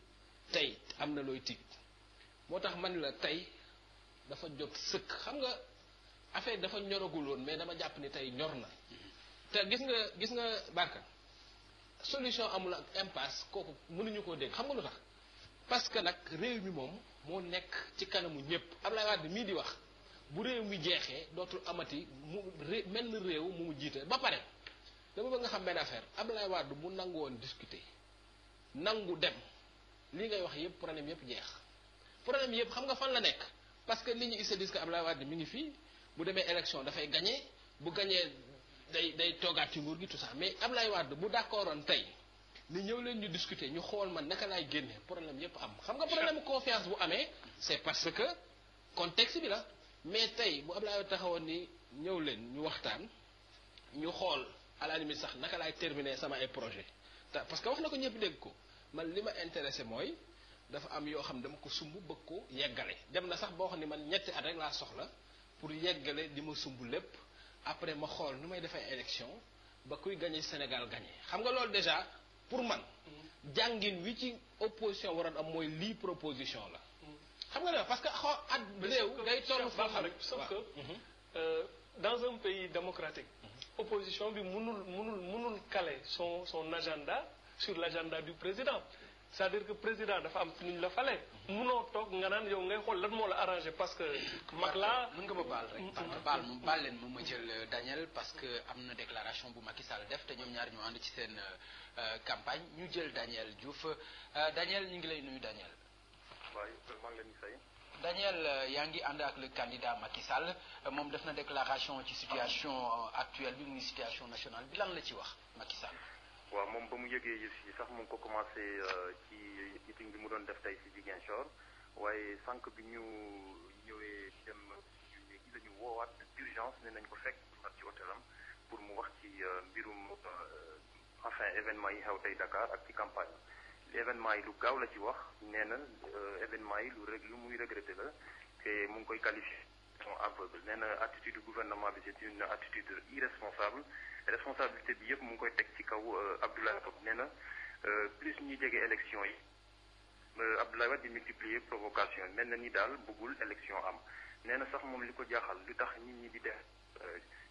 tey am na looy tiit moo tax man la tey dafa jot sëkk xam nga affaire dafa ñoragul woon mais dama jàpp ni tey ñor na te gis nga gis nga barka solution amul ak impasse kooku mënuñu koo dégg xam nga lu tax parce que nag réew mi moom moo nekk ci kanamu ñëpp Ablaye Wade mii di wax bu réew mi jeexee dootul amati mu mel ni réew mu mu jiite ba pare dama nga xam benn affaire Ablaye Wade mu nangu woon discuter nangu dem li ngay wax yëpp problème yëpp jeex problème yëpp xam nga fan la nekk parce que nit ñi ils se disent que Ablaye Wade mi ngi fii bu demee élection dafay gañe bu gagné. day day toogaat ci nguur gi mais ça mais Ablaye Wade bu d'accord woon tey ni ñëw leen ñu discuter ñu xool man naka laay génne problème yépp am xam nga problème confiance bu amee c'est parce que contexte bi la mais tey bu Ablaye Wade taxawoon ni ñëw leen ñu waxtaan ñu xool à la limite sax naka laay terminer sama ay projet te parce que wax na ko ñëpp dégg ko man li ma intéressé mooy dafa am yoo xam dama ko sumb bëgg ko yeggale dem na sax boo xam ne man ñetti at rek laa soxla pour yeggale di ma sumb lépp après ma xool nu may defee élection ba kuy gagné Sénégal gagné xam nga loolu déjà pour man jàngin wi ci opposition waroon am mooy lii proposition la xam nga parce que xoo at réew day toll foo xam sauf que mhm. euh, dans un pays démocratique mhm. opposition bi mënul mënul mënul caler son son agenda sur l'agenda du président c'est-à-dire que président dafa am si ñu la fale munoo toog nga naan yow ngay xool lan moo la arrangé parce que. mag laa mën nga ma baal rek. parce que baal leen moom ma jël euh, Daniel parce que am na déclaration bu Macky Sall def te ñoom ñaar ñu ànd ci seen euh, euh, campagne ñu jël Daniel Diouf Daniel ñu ngi lay nuyu Daniel. Daniel yaa ngi ànd ak le candidat Macky Sall moom def na déclaration ci situation actuelle bi muy situation national bi lan la ci wax Macky waaw moom ba mu yëgee yëf si sax mu ngi ko commencé euh, ci meeting bi mu doon def tey si Ziguinchor waaye sànq bi ñu ñëwee dem léegi la ñu woowaat d'urgence ne nañ ko fekk ci hôtelam pour mu wax ci euh, mbirum euh, enfin événement yi xew tey Dakar ak ci campagne bi. événement yi lu gaaw la ci wax nee na événement yi lu rek lu muy regretté la te mu ngi koy qualifié. sont aveugles nee na attitude gouvernement bi c'est une attitude irresponsable responsabilité bi yëpp mu ngi koy teg ci kaw euh, Abdoulaye Wade nee na euh, plus ñuy jege élection yi euh, Abdoulaye Wade di multiplier provocation mel na ni daal bëggul élection am nee na sax moom li ko jaaxal lu tax nit ñi di def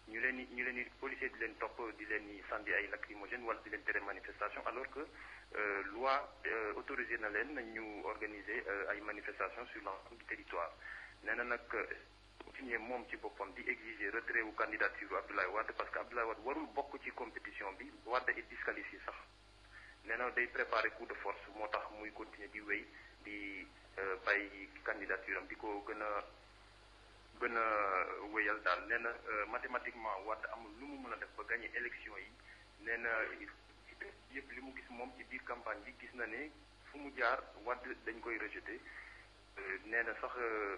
ñu leen di ñu leen di policier di leen topp di leen di sandi ay lacrymogène wala di leen tere manifestation alors que loi autorisé na leen ñu organiser ay manifestations sur l'ensemble du nee na nag continuer moom ci boppam di exiger retrait wu candidature bu Abdoulaye Wade parce que Abdoulaye Wade warul bokk ci compétition bi Wade est disqualifié sax nee na day préparer coup de force moo tax muy continuer di wéy di euh, bàyyi candidature am di ko gën a gën a wéyal daal nee na euh, mathématiquement Wade amul lu mu mën a def ba gagner élection yi nee yëpp li mu gis moom ci biir campagne bi gis na ne fu mu jaar Wade dañ koy rejeter nee na sax euh,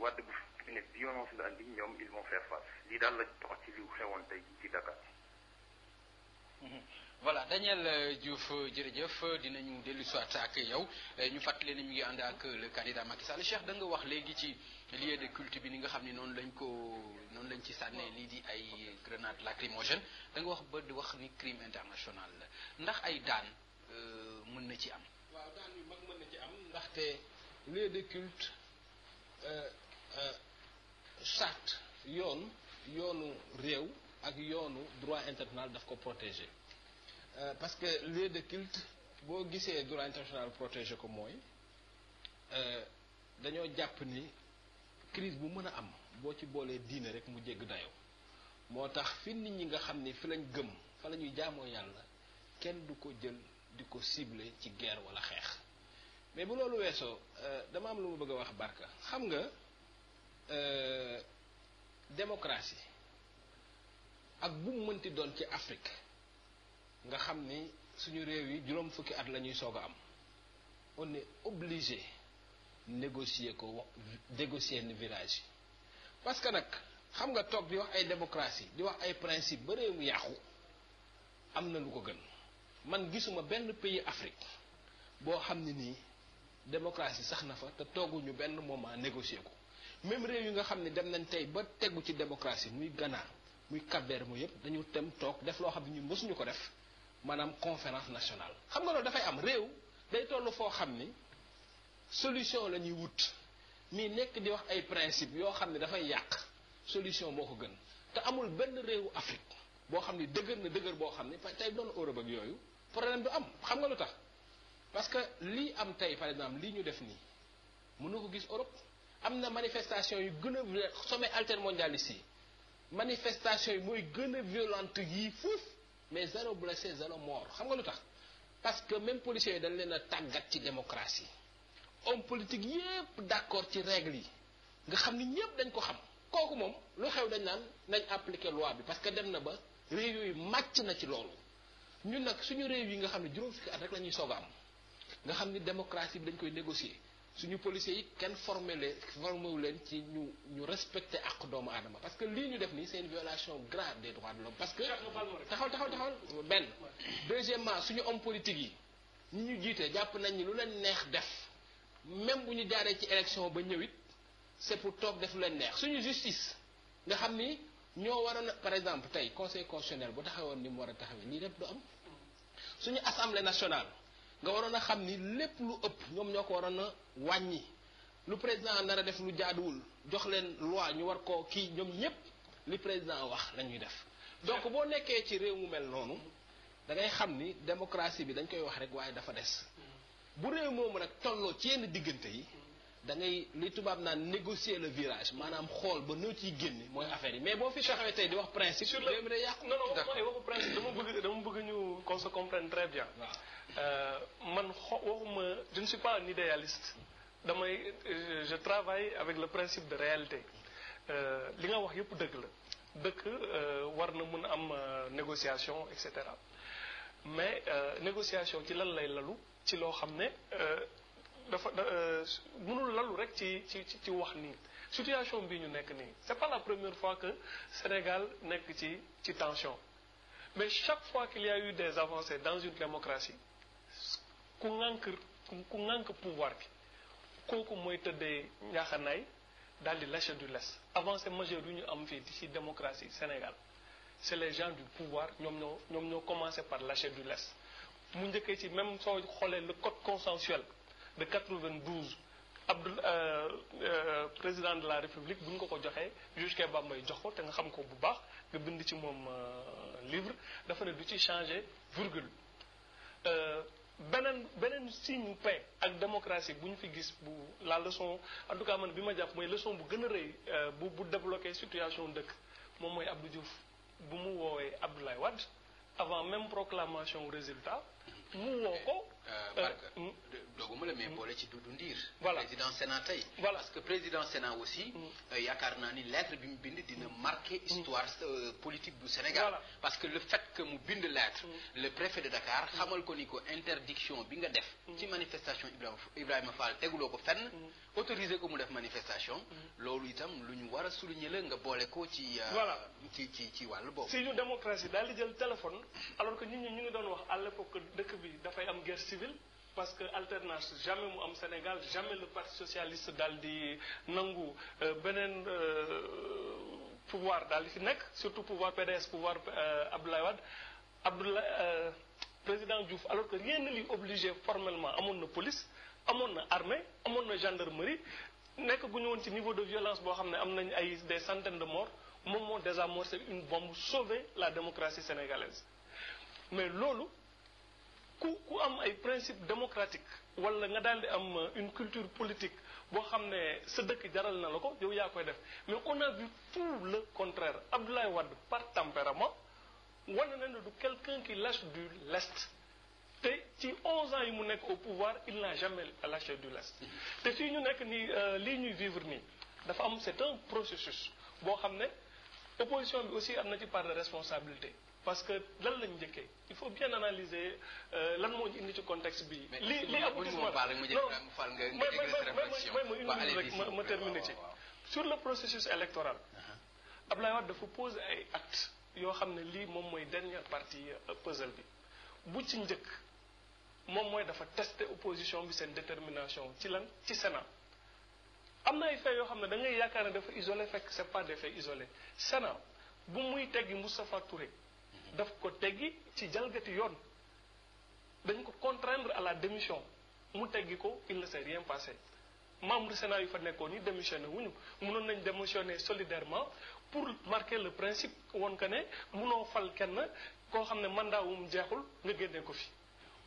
wàdd bu fi ne violence la andi ñoom ils vont faire face lii daal la tox ci liw xewoon tey ci Dakar. Mhm. voilà Daniel euh, Diouf euh, jërëjëf dinañu dellu soit ak yow ñu fàttali ne ñu ngi ànd ak le candidat Macky Sall Cheikh da nga wax léegi ci lieu de culte bi ni nga xam ne noonu lañ ko noonu lañ ci sànnee lii di ay grenade lacrymogène danga wax ba di wax ni crime international la ndax ay daan mën na ci am. waaw daan yu mag mën na ci am ndaxte. lieu de culte euh, euh, charte yoon yoonu réew ak yoonu droit international daf ko protéger euh, parce que lieu de culte boo gisee droit international protéger ko mooy dañoo jàpp ni crise bu mën a am boo ci boolee diine rek mu jégg dayoo moo tax fi nit ñi nga xam ni fi lañ gëm fa la ñuy jaamoo yàlla kenn du ko jël di ko cibler ci guerre wala xeex mais bu loolu weesoo euh, dama am lu ma bëgg a wax Barka xam nga euh, démocratie ak bu mu mënti doon ci Afrique nga xam ni suñu réew yi juróom fukki at la ñuy soog a am on est obligé négocier ko négocier village yi parce que nag xam nga toog di wax ay démocratie di wax ay principe ba réew mi yàqu am na lu ko gën man gisuma benn pays Afrique boo xam ne nii démocratie sax na fa te tooguñu benn moment négocier ko même réew yi nga xam ne dem nañ tey ba tegu ci démocratie muy Ghana muy Cap-Vert yëpp dañu tem toog def loo xam ne ñun mësuñu ko def maanaam conférence nationale xam nga loolu dafay am réew day foo xam ni solution la ñuy wut mii nekk di wax ay principe yoo xam ne dafay yàq solution moo ko gën te amul benn réew Afrique boo xam ne dëgër na dëgër boo xam ne tey doon Europe ak yooyu problème du am xam nga lu tax parce que lii am tey par exemple lii ñu def nii mënu ko gis Europe am na manifestation yu gën a sommet altermondialiste yi manifestation yi mooy gën a violente yii fuuf mais zéro blessé zéro mort xam nga lu tax parce que même policiers yi dañ leen a tàggat ci démocratie homme politique yépp d'accord ci règle yi nga xam ni ñépp dañ ko xam kooku moom lu xew dañ naan nañ appliquer loi bi parce que dem na ba réew yooyu màcc na ci loolu ñun nag suñu réew yi nga xam ne juróom fukki la ñuy soog a am nga xam ni démocratie bi dañ koy négocier suñu policiers yi kenn formé leen formé wu leen ci ñu ñu respecté ak doomu aadama parce que lii ñu def nii c'est une violation grave des droits de l'homme parce que taxawal taxawal taxawal benn deuxièmement suñu om politique yi ñi ñu jiite jàpp nañ ni lu leen neex def même bu ñu jaaree ci élection ba ñëwit c'est pour toog def lu leen neex suñu justice nga xam ni ñoo waroon par exemple tey conseil constitutionnel bu taxawoon ni mu war a taxawee lii lépp du am suñu assemblée nationale nga waroon a xam ni lépp lu ëpp ñoom ñoo ko waroon a wàññi lu président nar a def lu jaaduwul jox leen loi ñu war koo kii ñoom ñépp li président wax la ñuy def donc boo nekkee ci réew mu mel noonu da ngay xam ni démocratie bi dañ koy wax rek waaye dafa des bu réew moomu nag tolloo ci yenn diggante yi da ngay li tubaab naan négocier le virage maanaam xool ba noo ciy génne mooy affaire yi mais boo fi taxawee tey di wax principe. sur le non non waxu principe dama bëgg dama bëgg ñu qu'on se Euh, man xo waxuma je ne suis pas un idéaliste damay euh, je travaille avec le principe de réalité euh, li nga wax yëpp dëgg la dëkk war na mun am négociation et cetera mais négociation ci lan lay lalu ci loo xam ne dafa mënul lalu rek ci ci ci wax nii situation bii ñu nekk nii c'est pas la première fois que Sénégal nekk ci ci tension mais chaque fois qu'il y eu des avancées dans une démocratie ku ŋànk ku ŋànk pouvoir bi kooku mooy tëddee njaaxanaay daal di lâcher du lest avancé majeure yu ñu am fii di ci démocratie Sénégal c'est les gens du pouvoir ñoom ñoo ñoom ñoo commencé par lâcher du lest mu njëkkee ci même soo xoolee le code consensuel de 92 Abdoul euh, euh, président de la république bu ñu ko ko joxee juge baa mooy jox ko te nga xam ko bu baax nga bind ci moom euh, livre dafa ne du ci changer virgule beneen beneen signe paix ak démocratie bu ñu fi gis bu la leçon en tout cas man bi ma jàpp mooy leçon bu gën a rëy euh, bu bu débloqué situation dëkk moom mooy Abdou Diouf bu mu woowee Abdoulaye wadd avant même proclamation résultat mu woo ko Mbarka euh, euh, dooguma la mais euh, boole ci Doudou Ndir. voilà président Sénat tey. voilà parce que président Sénat aussi. Mm. yaakaar naa ni lettre bi mu bind dina marqué mm. histoire politique bu Sénégal. parce que le fait que mu bind lettre. Mm. le préfet de Dakar xamal ko ni ko interdiction bi nga def. ci manifestation Ibrahima Ibrahima Fall teguloo ko fenn. autorisé ko mu def manifestation. loolu itam lu ñu war a souligner la nga boole ko ci. ci ci ci wàll boobu. si ñu démocratie daal di jël téléphone alors que ñun ñu ngi doon wax à l'époque dëkk bi dafay am guerre civile parce que alternance jamais mu am Sénégal jamais le parti socialiste daal di nangu euh, beneen euh, pouvoir daal di fi nekk surtout pouvoir PDS pouvoir euh, Abdoulaye Wade Abdoulaye président Diouf alors que rien li lui obligé formellement amoon na police amoon na armée amoon na gendarmerie nekk gu ñu woon ci niveau de violence boo xam ne am nañ ay des centaines de morts moom moo désamorcé une bombe sauver la démocratie sénégalaise mais loolu ku ku am ay principe démocratique wala nga daal di am euh, une culture politique boo xam ne sa dëkk jaral na la ko yow yaa koy def mais on a tout le contraire Abdoulaye Wade par tempérament wane na du quelqu'un qui lache du lest te ci 11 ans yi mu nekk au pouvoir il n'a jamais lâché du lest te fii ñu nekk nii euh, lii ñuy vivre nii dafa am c'est processus boo xam ne opposition bi aussi am na ci par de responsabilité parce que lan lañ njëkkee il faut bien analyser euh, lan moo ñu indi ci contexte bi. li li aboutissement ma ma terminer ci. sur le processus électoral. Uh-huh. Ablaye Wade dafa pose ay actes yoo xam ne lii moom mooy dernière partie euh, puzzle bi bu ci njëkk moom mooy dafa teste opposition bi seen détermination ci lan ci Sénat. am na ay faits yoo xam ne da yaakaar ne dafa isole fekk c'est pas des faits isolés Sénat bu muy teggi Moustapha Touré. daf ko teggi ci jalgati yoon dañ ko contraindre à la démission mu teggi ko il ne s'est rien passé membre Sénat yu fa nekkoon ñu démissionné wuñu mënoon nañ démissionné solidairement pour marquer le principe woon que ne mënoo fal kenn koo xam ne mandat wu mu jeexul nga génne ko fi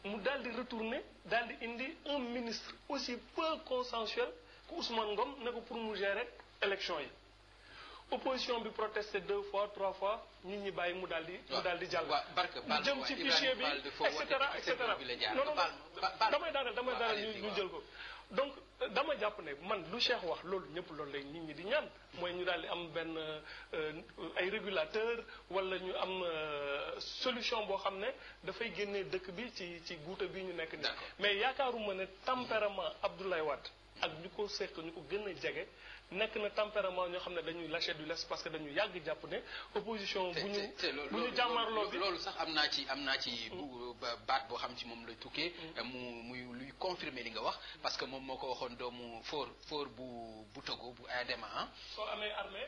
mu daal di retourner daal di indi un ministre aussi peu consensuel que Ousmane Ngom ne ko pour mu rek élection yi opposition bi protesté deux fois trois fois nit ñi bàyyi mu daal di. mu daal di jàll. jëm ci fichier bi et cetera et cetera non non damay daaneel damay daaneel ñu jël ko. donc dama jàpp ne man lu Cheikh wax loolu ñëpp loolu lay nit ñi di ñaan mooy ñu daal di am benn euh, ay régulateur wala ñu am euh, solution boo xam ne dafay génnee dëkk bi ci ci guuta bi ñu nekk nii. mais yaakaaruma ne tempérament Abdoulaye Wade ak ñu ko seq ñu ko gën a jege. nekk na tempérament ñoo xam ne dañuy lâcher du les parce que dañuy yàgg jàpp ne opposition bu ñu bu ñu jàmmarloo loolu sax am naa ci am naa ci mm. baat boo xam ci moom lay tukkee mm. euh, mu muy luy confirmer li nga wax parce que moom moo ko waxoon doomu fóor fóor bu bu Togo bu Adema ah soo amee armée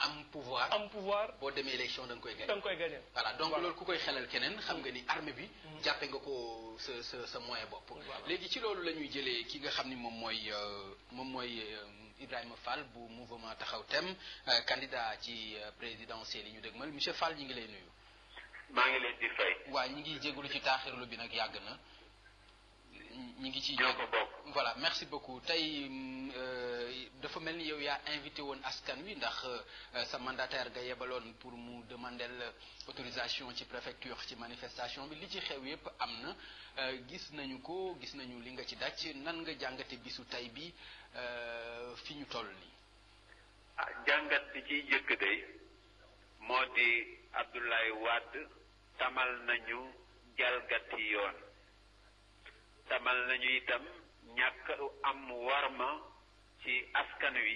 am pouvoir am pouvoir boo demee élection da koy gagné da nga koy gagné voilà donc loolu ku koy xelal keneen xam nga mm. ni armée bi jàppe nga ko sa sa sa moyen bopp léegi ci loolu la ñuy jëlee ki nga xam ni moom mooy euh, moom mooy euh, Ibrahima Fall bu mouvement taxaw tem euh, candidat ci euh, présidentielle yi ñu dëgmal monsieur Fall ñu ngi lay nuyu. maa ngi leen di fay. waaw ñu ngi jégalu ci taaxirlu bi nag yàgg na. ñu ngi ci voilà merci beaucoup tey euh, dafa mel ni yow yaa invité woon askan wi ndax euh, sa mandataire nga yebaloon pour mu demander autorisation ci préfecture ci manifestation bi li ci xew yépp am na euh, gis nañu ko gis nañu li nga ci daj nan nga jàngate su tey bi fi ñu toll nii. Ah, jàngat bi ciy jëkk day moo di Abdoulaye Wade tamal nañu jalgati yoon tamal nañu itam ñàkk am warma ci askan wi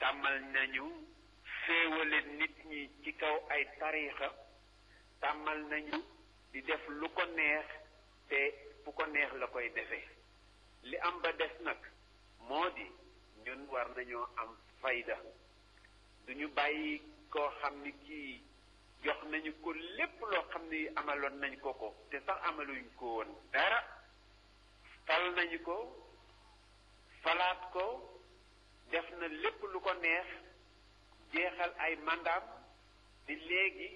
tàmmal nañu féewale nit ñi ci kaw ay tariixa tàmmal nañu di def lu ko neex te fu ko neex la koy defee li am ba des nag moo di ñun war nañoo am fayda duñu bàyyi koo xam ni kii jox nañu ko lépp loo xam ni amaloon nañ ko ko te sax amaluñ ko woon dara fal nañu ko falaat ko def na lépp lu ko neex jeexal ay mandaam di léegi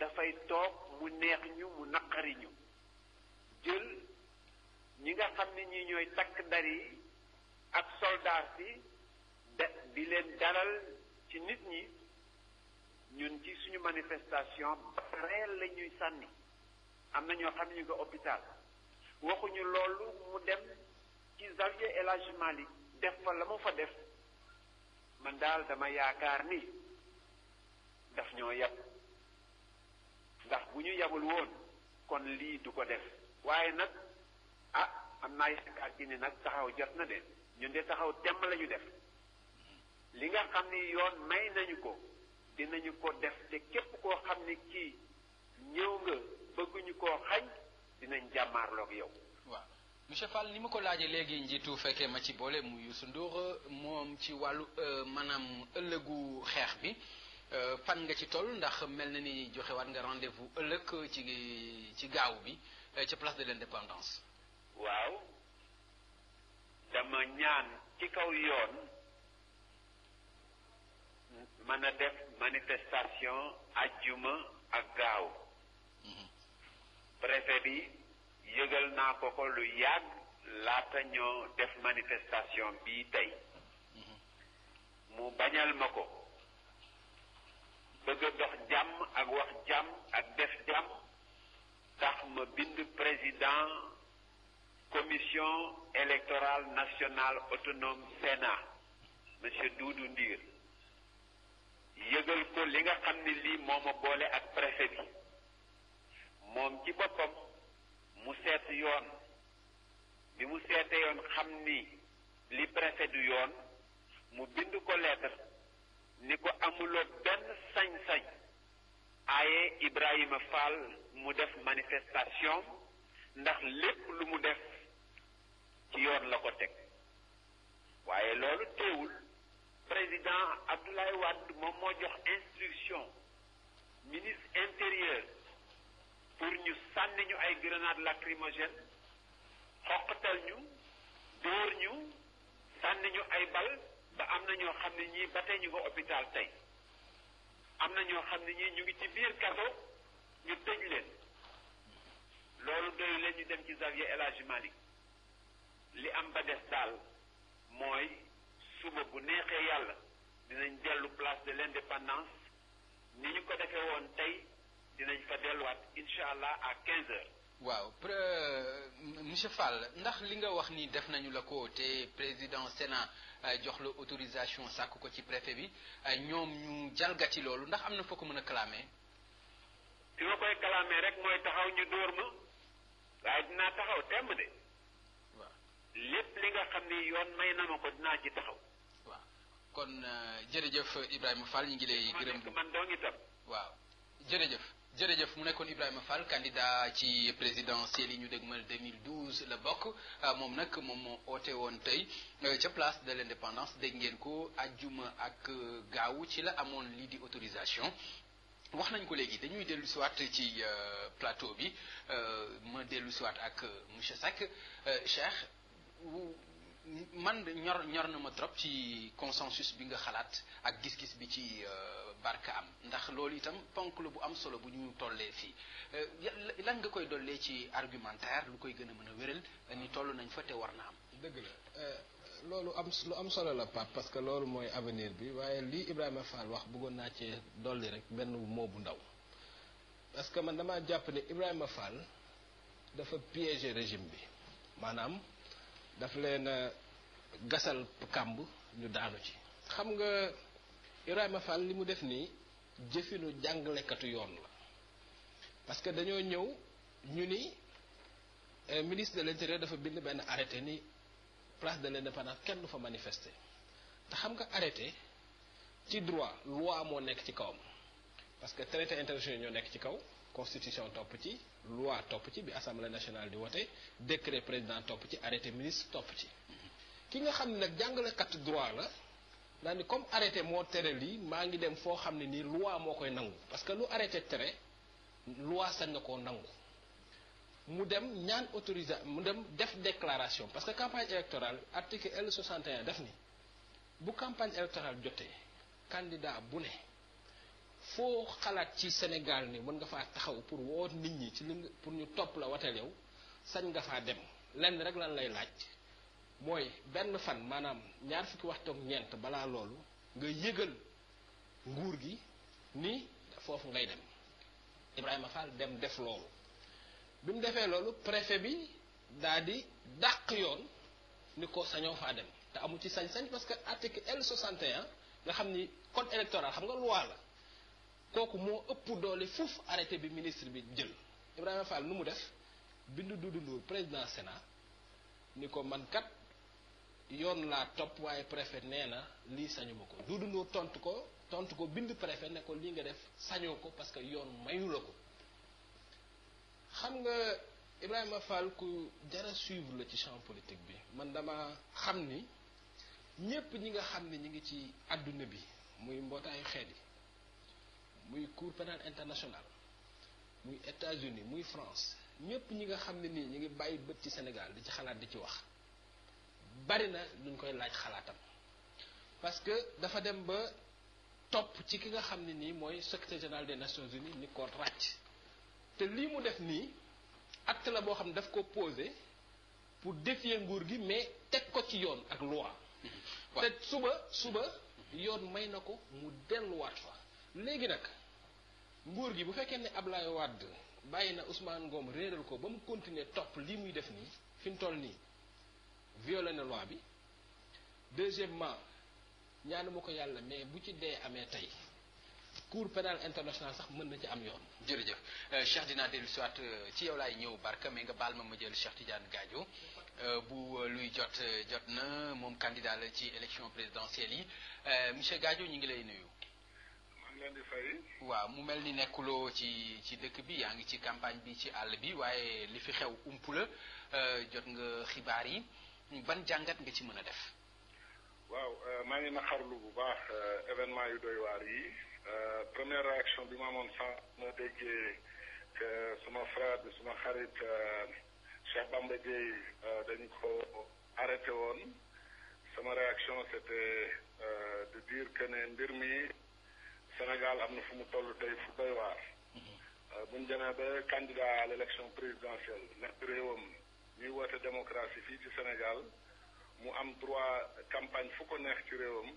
dafay toog mu neex ñu mu naqariñu jël ñi nga xam ne ñi ñooy takk dar yi ak soldaar si da di leen daral ci nit ñi ñun ci suñu manifestation bareel la ñuy sànni am na ñoo xam ne ñu nga hôpital waxuñu loolu mu dem ci Zawiya El Hadj def fa la mu fa def man daal dama yaakaar ni daf ñoo yab ndax bu ñu yabul woon kon lii du ko def waaye nag a ah, am naa yaakaar ci ni nag taxaw jot na de ñu de taxaw temm la ñu def li nga xam ni yoon may nañu ko dinañu ko def te képp koo xam ni kii ñëw nga bëgguñu koo xañ dinañ jàmmaarloog yow. waaw monsieur Fall ni ma ko laajee léegi njiitu fekkee ma ci boole mu Youssou Ndour moom ci wàllu euh, maanaam ëllëgu xeex bi. Euh, fan nga ci toll ndax mel na ni joxe waat nga rendez-vous ëllëg ci ci gaaw bi euh, ca place de l'indépendance. waaw dama ñaan ci kaw yoon man a def manifestation ajjuma ak gaaw. préfet bi yëgal naa ko ko lu yàgg laata ñoo def manifestation bii tey mhm. mu bañal ma ko bëgg dox jàmm ak wax jàmm ak def jàmm tax ma bind président commission électorale nationale autonome Sénat monsieur Doudou Ndir yëgal ko li nga xam ne lii moo ma boole ak préfet moom ci boppam mu seet yoon bi mu seete yoon xam ni li préfet du yoon mu bind ko lettre ni ko amuloo benn sañ-sañ aaye Ibrahima Fall mu def manifestation ndax lépp lu mu def ci yoon la ko teg waaye loolu teewul président Abdoulaye Wade moom moo jox instruction ministre intérieur pour ñu sànniñu ay grenade lacrymogène xoqatal ñu dóor ñu sànni ay bal ba am na ñoo xam ne ñii ba tey ñu nga hôpital tey am na ñoo xam ne ñii ñu ngi ci biir kaso ñu tëj leen loolu doy leen ñu dem ci Xavier El Hadji li am ba des daal mooy suba bu neexee yàlla dinañ dellu place de l'indépendance ni ñu ko defee woon tey dinañ fa delluwaat incha allah à 15 heures. waaw euh, monsieur Fall ndax li nga wax ni def nañu la ko te président Sénat euh, jox la autorisation sàkk ko ci préfet bi ay euh, ñoom ñu jalgati loolu ndax am na foo ko mën a clamé. fi ma koy clamé rek mooy taxaw ñu dóor ma waaye dinaa taxaw temm de. waaw lépp li nga xam ni yoon may na ma ko dinaa ci taxaw. waaw kon jërëjëf Ibrahima Fall ñu ngi lay. gërëm man dong waaw jërëjëf. jërëjëf mu nekkoon Ibrahima Fall candidat ci présidentielle yi ñu dégmal 2012 la bokk euh, moom nag moom moo oote woon tey euh, ca place de l'indépendance dégg ngeen ko ajjuma ak euh, gaaw ci la amoon lii di autorisation wax nañ ko léegi dañuy dellu siwaat ci plateau bi ma dellu siwaat ak monsieur Seck Cheikh man ñor ñor na ma trop ci consensus bi nga xalaat ak gis-gis bi ci euh, bark am ndax loolu itam ponk la bu am solo bu ñu tollee fii euh, lan nga koy dollee ci argumentaire lu koy gën a mën a wéral euh, ni toll nañ fa war na am. dëgg la loolu am lu am solo la Pape parce que loolu mooy avenir bi waaye lii Ibrahima Fall wax bëggoon naa cee dolli rek benn moo bu ndaw parce que man damaa jàpp ne Ibrahima Fall dafa piéger régime bi maanaam. daf leen a euh, gasal kàmb ñu daanu ci xam nga Ibrahima li mu def nii jëfinu jàngalekatu yoon la parce que dañoo ñëw ñu ni euh, ministre de l'intérieur dafa bind benn arrêté ni place de l'indépendance kenn lu fa manifesté te xam nga arrêté ci droit loi moo nekk ci kawam parce que traité international ñoo nekk ci kaw constitution topp ci loi topp ci bi assemblée nationale di wote décret président topp ci arrêté ministre topp ci ki nga xam ne nag jàngalekat droit la daal ni comme arrêté moo tere lii maa ngi dem foo xam ne nii loi moo koy nangu parce que lu arrêté tere loi sañ nga koo nangu mu dem ñaan autorisation mu dem def déclaration parce que campagne électorale article L61 def ni bu campagne électorale jotee candidat bu ne foo xalaat ci Sénégal ni mën nga faa taxaw pour woot nit ñi ci li pour ñu topp la wateel yow sañ nga faa dem lenn rek lan lay laaj mooy benn fan maanaam ñaar fukki waxtu ñeent balaa loolu nga yëgal nguur gi ni foofu ngay dem Ibrahima Fall dem def loolu bi mu defee loolu préfet bi daa di dàq yoon ni ko sañoo faa dem te amu ci sañ-sañ parce que article L61 nga xam ni code électoral xam nga loi la kooku moo ëpp doole fuuf arrêté bi ministre bi jël Ibrahima Fall nu mu def bindu du Ndour président Sénat ni ko man kat yoon laa topp waaye préfet nee na lii sañu ma ko Doudou Ndour tontu ko tontu ko bind préfet ne ko lii nga def sañoo ko parce que yoon mayu la ko xam nga Ibrahima Fall ku jara suivre la ci champ politique bi man dama xam ni ñépp ñi nga xam ni ñi ngi ci àdduna bi muy mbootaayu xeet yi muy cour pénal international muy États-Unis muy France ñëpp ñi nga xam ne nii ñu ngi bàyyi bët ci Sénégal di ci xalaat di ci wax bari na luñ koy laaj xalaatam parce que dafa dem ba topp ci ki nga xam ne nii mooy secrétaire général des Nations Unies ni ko ràcc te lii mu def nii acte la boo xam ne daf ko posé pour défier nguur gi mais teg ko ci yoon ak loi te suba suba yoon may na ko mu delluwaat fa léegi nag nguur gi bu fekkee ne Ablaye Wade bàyyi na Ousmane Ngom réeral ko ba mu continuer topp lii muy def nii fi mu toll nii violé na loi bi deuxièmement ñaanuma ko yàlla mais bu ci dee amee tey cour pénal international sax mën na ci am yoon. jërëjëf euh, Cheikh dinaa dellu si euh, ci yow laay ñëw barka mais nga baal ma ma jël Cheikh Tidiane Gadio euh, bu luy jot jot na moom candidat la ci élection présidentielle yi monsieur Gadio ñu ngi lay nuyu. waaw mu mel ni nekkuloo ci ci dëkk bi yaa ngi ci campagne bi ci àll bi waaye li fi xew ump la euh, jot nga xibaar yi ban jàngat nga ci mën a def. waaw euh, maa ngi naqarlu bu baax euh, événement yu doy waar yi première réaction bi ma amoon sa ma déggee suma frère suma xarit Cheikh Bamba Dièye dañ ko arrêté woon sama réaction c'était de dire que ne mbir mi. Sénégal am na fu mu toll tey fu doy waar mhm. euh, buñ ñu demee ba candidat à l' élection présidentielle nekk réewam ñuy woote démocratie fii ci Sénégal mu am droit campagne fu ko neex ci réewam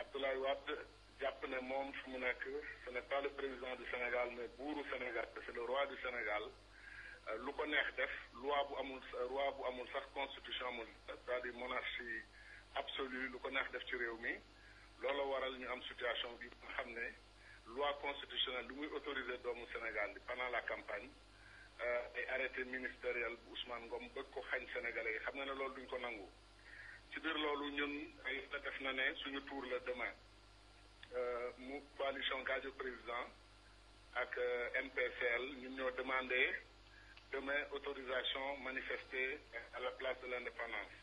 Abdoulaye Wade jàpp ne moom fu mu nekk ce n' pas le président du Sénégal mais buuru Sénégal c' est le roi du Sénégal euh, lu ko neex def loi bu amul roi bu amul sax constitution amul c'est-à-dire monarchie absolue lu ko neex def ci réew mi loolu waral ñu am situation bi nga xam ne loi constitutionnelle du muy autorisé doomu Sénégal bi pendant la campagne euh, ay arrêté ministériel bu Ousmane Ngom bëgg ko xañ sénégalais yi xam nga ne loolu duñ ko nangu ci biir loolu ñun ay la def na ne suñu tour la demain euh, mu coalition Gadio président ak euh, MPCL ñu ñoo demandé demain autorisation manifester à la place de l'indépendance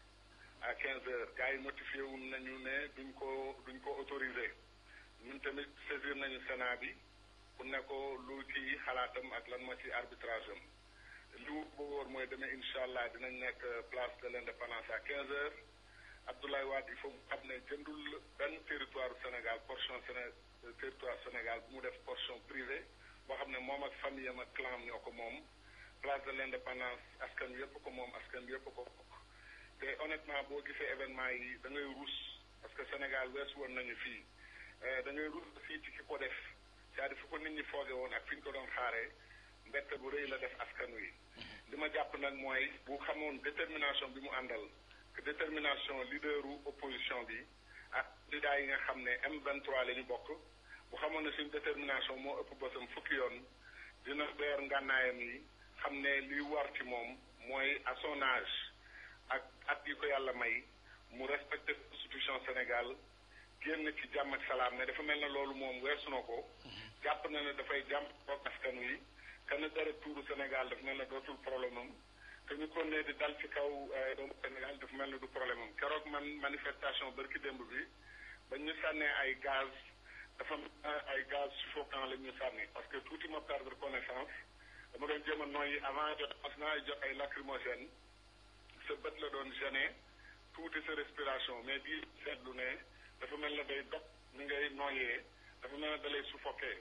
à quinze heures gars yi notifié wuñ nañu ne duñ ko duñ ko autorisé ñun tamit saisir nañu Sénat bi ku ne ko lu ci xalaatam ak lan ma ci arbitrage am li mooy demee incha allah dinañ nekk place de l' indépendance à 15 heures Abdoulaye Wade il xam ne jëndul benn territoire Sénégal portion Séné territoire Sénégal bu mu def portion privée boo xam ne moom ak famille am ak clan ñoo ko moom place de l' indépendance askan yëpp ko moom askan yëpp ko. te honnêtement boo gisee événement yi da ngay ruus parce que Sénégal wees woon nañu fii euh, da ngay ruus fii ci ki ko def c'est-à-dire fi ko nit ñi fooge woon ak fi ñu ko doon xaaree mbett bu rëy la def askan wi. li ma jàpp nag mooy bu xamoon détermination bi mu àndal que détermination leaderu opposition bi ak leader yi nga xam ne M23 la bokk bu xamoon ne suñu détermination moo ëpp bësam fukki yoon dina beer ngànnaayam yi xam ne li war ci moom mooy à at yi ko yàlla may mu respecté constitution Sénégal génn ci jàmm ak salaam ne dafa mel na loolu moom weesu na ko. jàpp na ne dafay jàmm ak askan wi te ne dara tuuru Sénégal mel ne dootul problème am te ko ne di dal ci kaw euh, doomu Sénégal dafa mel ne du problème am keroog man manifestation barki démb bi ba ñu sànnee ay gaz dafa ay gaz suffocant la ñu sànni parce que tuuti ma perdre connaissance dama doon jéem a nooyi avant jot as naa jot ay lacrymogène sa bët la doon gêné tuuti sa respiration mais bi seetlu ne dafa mel na day dog ni ngay noyyee dafa mel ne da lay suffoqué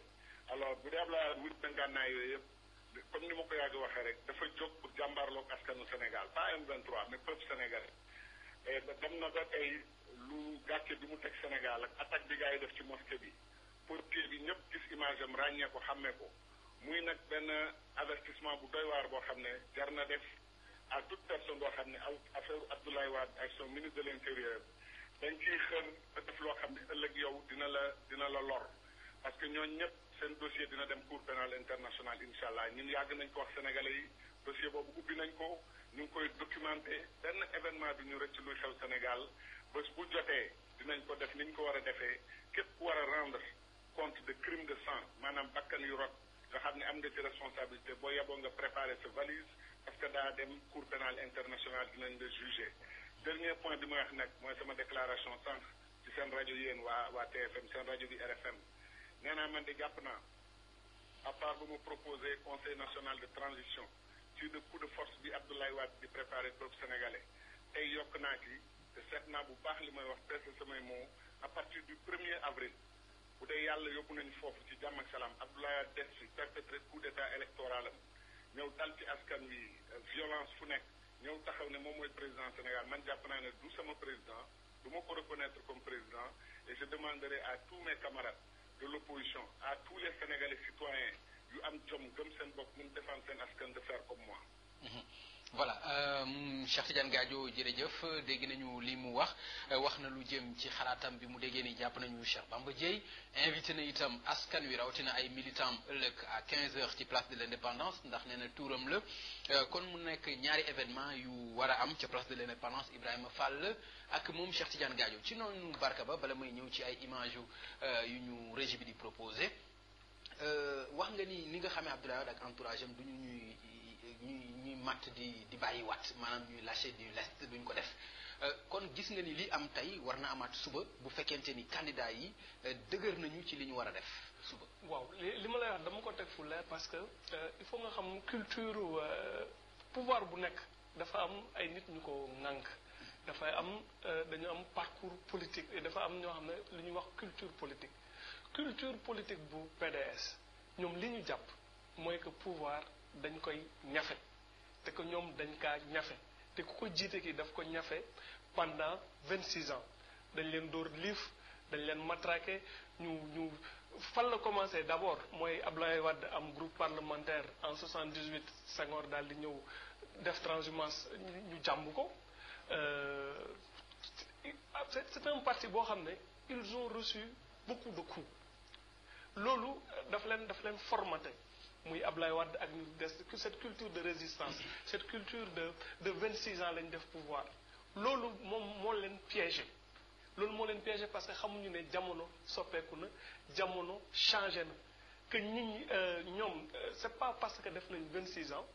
alors bu dee Abdoulaye Wade wut na ngànnaay yooyu yëpp comme ni ma ko yàgg waxee rek dafa jóg pour jàmbaarloog askanu Sénégal pas M23 mais peuple sénégalais et ba dem na ba tey lu gàcce bi mu teg Sénégal ak attaque bi gars yi def ci mosquée bi pour portier yi ñëpp gis image am ràññee ko xàmmee ko muy nag benn avertissement bu doy waar boo xam ne jar na def. à toute personne boo xam ne affaire Abdoulaye Wade ak son ministre de l' intérieur dañ ciy xër a loo xam ne ëllëg yow dina la dina la lor parce que ñooñ ñëpp seen dossier dina dem cour pénal international incha allah ñun yàgg nañ ko wax sénégalais yi dossier boobu ubbi nañ ko ñu ngi koy documenté benn événement bi ñu rëcc luy xew Sénégal bés bu jotee dinañ ko def ni ko war a defee képp ku war a rendre compte de crime de sang maanaam bakkan yu rot nga xam ne am nga ci boo yeboo nga préparé sa valise parce que daa dem cour pénal international dinañ la juger dernier point bi ma wax nag mooy sama déclaration sànq ci seen rajo yéen waa waa TFM seen rajo bi RFM nee naa man di jàpp naa à part mu proposé conseil national de transition ci de coup de force bi Abdoulaye Wade di préparé peuple sénégalais tey yokk naa ci te seet naa bu baax li may wax pese samay mots à partir du premier avril bu dee yàlla yóbbu nañu foofu ci jàmm ak salaam Abdoulaye Wade des ñëw dal ci askan wi euh, violence fu nekk ñëw taxaw ne moom mooy président Sénégal man jàpp naa ne du sama président du ma ko reconnaître comme président et je demanderai à tous mes camarades de l'opposition à tous les Sénégalais citoyens yu am jom gëm seen bopp mun défendre seen askan de fer comme moi mmh voilà euh, Cheikh Tidiane Gadio jërëjëf déggi nañu lii mu wax wax na lu jëm ci xalaatam bi mu déggee ni jàpp nañu Cheikh Bamba Dièye invité na itam askan wi rawatina ay militants ëllëg à 15 heures ci place de l'indépendance ndax nee na tuuram la euh, kon mu nekk ñaari événement yu war a am ca place de l'indépendance Ibrahima Fall ak moom Cheikh Tidiane Gadio ci noonu barka ba bala may ñëw ci ay images yu euh, ñu régie bi di proposé wax nga ni ni nga xamee Abdoulaye Wade ak entourage ñu matt di di bàyyi waat maanaam ñuy lâcher du lest duñ ko def euh, kon gis nga ni li am tey war na amaat suba bu fekkente ni candidat yi euh, dëgër nañu ci li ñu war a def suba. waaw li ma lay wax dama ko teg fu leer parce que euh, il faut nga xam culture pouvoir bu nekk dafa am ay nit ñu ko ŋànk dafay am dañu am parcours politique dafa am ñoo xam ne li ñuy wax culture politique culture politique bu PDS ñoom li ñu jàpp mooy que pouvoir dañ koy ñafe te que ñoom dañ kaa ñafe te ku ko jiite ki daf ko ñafe pendant vingt six ans dañ leen dóor liif dañ leen matraqué ñu ñu fan la commencé d' abord mooy Abdoulaye Wade am groupe parlementaire en 78 Senghor daal di ñëw def transhumance ñu jàmb ko euh, c' est un parti boo xam ne ils ont reçu beaucoup de loolu daf leen daf leen formaté muy Ablaye Wade ak ñu des cette culture de résistance cette culture de de 26 ans lañ def pouvoir loolu moom moo leen piégé loolu moo leen piégé parce que xamuñu ne jamono soppeeku na jamono changé na que nit ñi euh, ñoom euh, c'est pas parce que def nañ 26 ans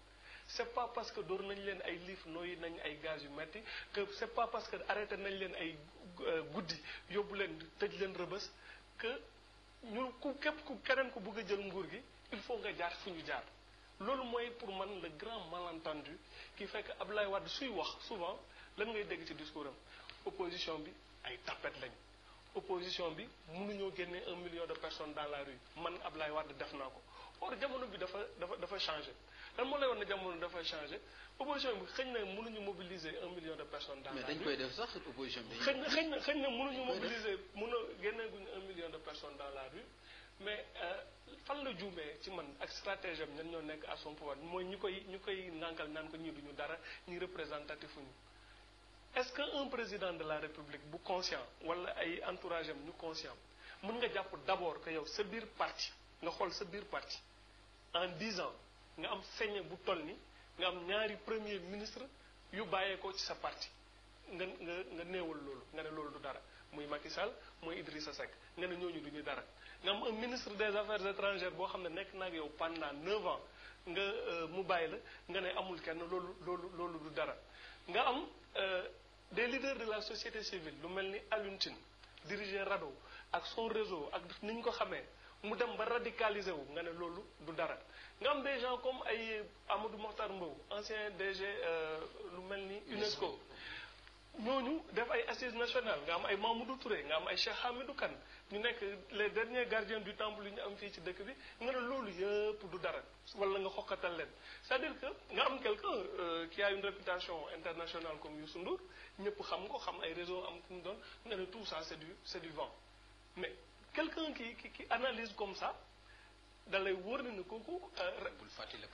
c'est pas parce que door nañ leen ay liif nooyi nañ ay gaz yu metti que c'est pas parce que arrêté nañ leen ay euh, guddi yóbbu leen tëj leen rëbës que ñu ku képp ku keneen ku bëgg a jël nguur gi il faut nga jaar fu ñu jaar loolu mooy pour man la grand malentendu ki fekk que Abdoulaye Wade suy wax souvent lan ngay dégg ci discours am opposition bi ay tapette lañ opposition bi mënuñoo génne un million de personnes dans la rue man Abdoulaye Wade def naa ko or jamono dafa dafa dafa changé moo lay ne jamono dafa changé opposition bi xëy na mënuñu mobiliser un million de personnes. dans la rue koy def sax opposition bi. xëy na xëy na xëy na mënuñu mobiliser génne guñ un million de personnes la rue mais. Euh, fan la juumee ci man ak stratégie am ñan ñoo nekk à son pouvoir mooy ñu koy ñu koy nànkal naan ko ñii duñu dara ñi représentatif ñu est-ce que un président de la république bu conscient wala ay entourage am ñu conscient mën nga jàpp d'abord que yow sa biir parti nga xool sa biir parti en dix ans nga am sañe bu toll ni nga am ñaari premier ministre yu bàyyeekoo ci sa parti nga nga nga néewal loolu nga ne loolu du dara muy Macky Sall muy Idrissa Seck nga ne ñooñu duñu dara nga am ministre des affaires étrangères boo xam ne nekk na yow pendant neuf ans nga euh, mu bàyyi la nga ne amul kenn loolu loolu du dara nga am euh, des leaders de la société civile lu mel ni Alioune Tine diriger ak son réseau ak ni ñu ko xamee mu dem ba radicaliser wu nga ne loolu du dara nga am des gens comme ay Amadou moxtar Mbow ancien DG euh, lu mel ni UNESCO ñooñu def ay assises nationales nga am ay Mamadou Touré nga am ay Cheikh Hamidou kan ñu nekk les derniers gardiens du temple yu ñu am fii si dëkk bi nga ne loolu yëpp du dara wala nga xokkatal leen c'est-à-dire que nga am quelqu'un euh, qui a une réputation internationale comme Youssou Ndour ñëpp xam ko xam ay réseau am ku mu doon nga ne tout ça c'est du c'est du vent mais quelqu'un qui qui qui analyse comme ça da lay wóor na ni kooku. Eh, bul fàtte le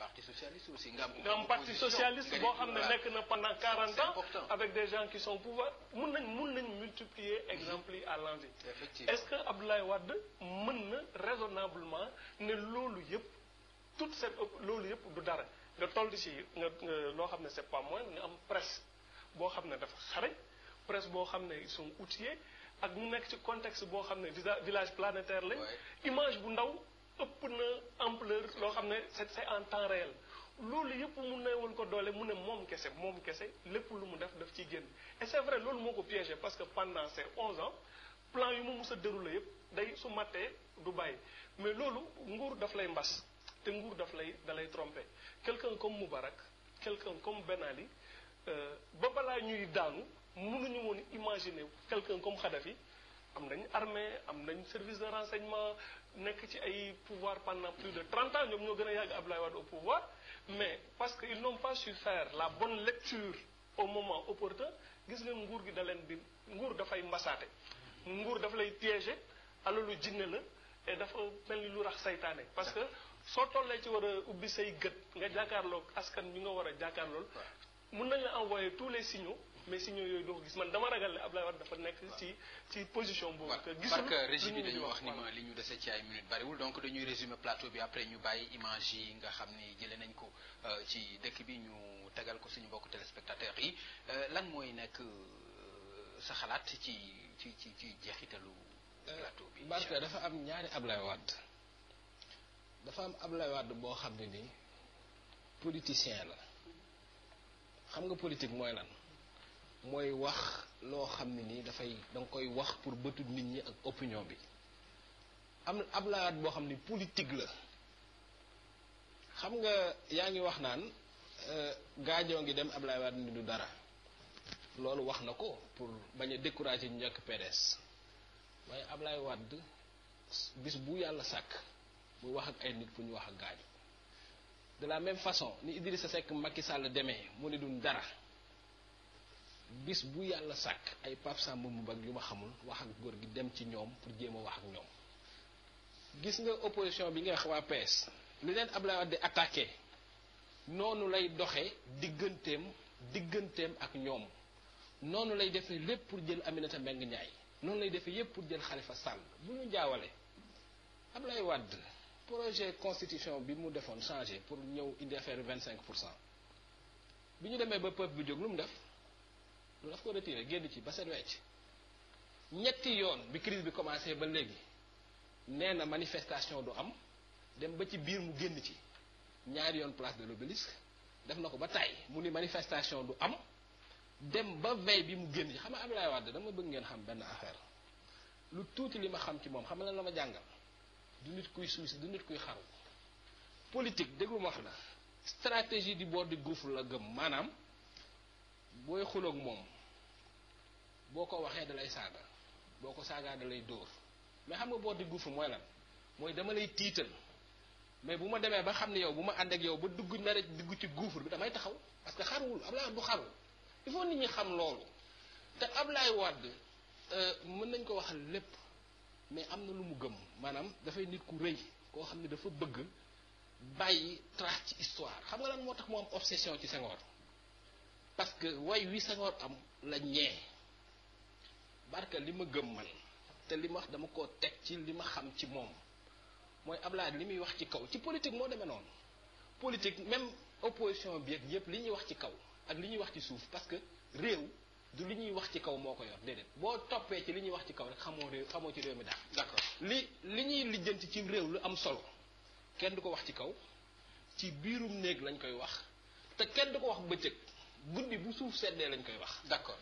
aussi nga am. parti socialiste boo xam ne nekk na pendant 40 ans avec des gens qui sont au pouvoir mun nañ mun nañ multiplier mhm. exemple yi à l'envi est-ce que Abdoulaye Wade mën na raisonnablement ne loolu yëpp tout cette loolu yëpp du dara nga toll ci nga loo xam ne c'est pas moins nga am presse boo xam ne dafa xarañ presse boo xam ne ils sont outillés ak ñu nekk ci contexte boo xam ne village planétaire lañ image bu ndaw. ëpp na ampleur loo xam ne c'est en temps réel loolu yëpp mu ne woon ko doole mu ne moom kese moom kese lépp lu mu def def ci génn et c'est vrai loolu moo ko piégé parce que pendant et onze ans plan yu mu mus a déroulé yëpp day su mattee du bàyyi mais loolu nguur daf lay mbas te nguur daf lay dalay trompé quelqu'un comme Moubarak quelqu'un comme Ben Ali euh, ba balaa ñuy daanu mënuñu woon imaginer quelqu'un comme Kadhafi am nañ armée am nañ service de renseignement nekk ci ay pouvoir pendant plus de trente ans ñoom ñoo gën a yàgg lay Wade au pouvoir mais parce que ils n'ont pas su faire la bonne lecture au moment opportun gis nga nguur gi da leen di nguur dafay mbasaate nguur dafa lay piéger alalu jinne la et dafa mel ni lu rax seytaane parce que soo tollee ci war a ubbi say gët nga jàkkaarloog askan bi nga war a jàkkaarlool mun nañ la envoyer tous les signaux mais signaux yooyu doo ko gis man dama ragal ne Ablaye Wade dafa nekk ci ci boobu. que gisul parce que régie bi dañu wax ni ma ñu dese ci ay minutes bariwul donc dañuy résumer plateau bi après ñu bàyyi image yi nga xam ni jëlee nañ ko euh, ci dëkk bi ñu tegal ko suñu mbokku téléspectateurs yi euh, lan mooy nekk euh, sa xalaat ci ci ci ci jeexitalu. dafa am ñaari Ablaye Wade dafa am boo xam ne nii politicien la xam nga politique mooy lan. mooy wax loo xam ne nii dafay danga koy wax pour bëtu nit ñi ak opinion bi am ab laat boo xam ne politique la xam nga yaa ngi wax naan euh, gaajoo ngi dem Ablaye Wade ni du dara loolu wax na ko pour bañ a décourager ñu njëkk PDS waaye Ablaye Wade bis bu yàlla sàkk muy wax ak ay nit pour ñu wax ak gaajo de la même façon ni sa Seck makki sàll demee mu ne duñ dara bis bu yàlla sàkk ay pap sàmb mu bag yu ma xamul wax ak góor gi dem ci ñoom pour jéem a wax ak ñoom gis nga opposition bi nga wax waa PS lu leen Abdoulaye Wade attaqué noonu lay doxe digganteem digganteem ak ñoom noonu lay defee lépp pour jël Aminata Mbengue Ndiaye noonu lay defe yépp pour jël Khalifa Sall bu ñu jaawale lay wadd projet constitution bi mu defoon changé pour ñëw indi affaire vingt cinq pour cent bi ñu demee ba peuple bi jóg lu mu def loolu daf ko retiré génn ci ba set wecc ñetti yoon bi crise bi commencé ba léegi nee na manifestation du am dem ba ci biir mu génn ci ñaari yoon place de l'obélisque def na ko ba tàyyi mu ni manifestation du am dem ba veille bi mu génn ci xam am nga Abdoulaye Wade dama bëgg ngeen xam benn affaire lu tuuti li ma xam ci moom xam nga lan la ma jàngal du nit kuy suusi du nit kuy xaru politique déglu ma wax la stratégie di bord du gouffre la gëm maanaam booy xuloog moom boo ko waxee da lay saaga boo ko saagaa da lay dóor mais xam nga boor di guufu mooy lan mooy dama lay tiital mais bu ma demee ba xam ne yow bu ma ànd ak yow ba dugg nar a dugg ci guufur bi damay taxaw parce que xaruwul Ablaye du xaru il faut nit ñi xam loolu te Ablaye Wade euh, mën nañ ko waxal lépp mais am na lu mu gëm maanaam dafay nit ku rëy koo xam ne dafa bëgg bàyyi trace ci histoire xam nga lan moo tax mu am obsession ci Senghor parce que way wi Senghor am la ñee barka li ma gëm man te li ma wax dama koo teg ci li ma xam ci moom mooy Ablaye li muy wax ci kaw ci politique moo demee noonu politique même opposition bi ak li ñuy wax ci kaw ak li ñuy wax ci suuf parce que réew du li ñuy wax ci kaw moo ko yor déedéet boo toppee ci li ñuy wax ci kaw rek xamoo réew xamoo ci réew mi daal. d'accord li ñuy lijjanti ci réew lu am solo kenn du ko wax ci kaw ci biirum néeg lañ koy wax te kenn du ko wax bëccëg guddi bu suuf seddee lañ koy wax. d'accord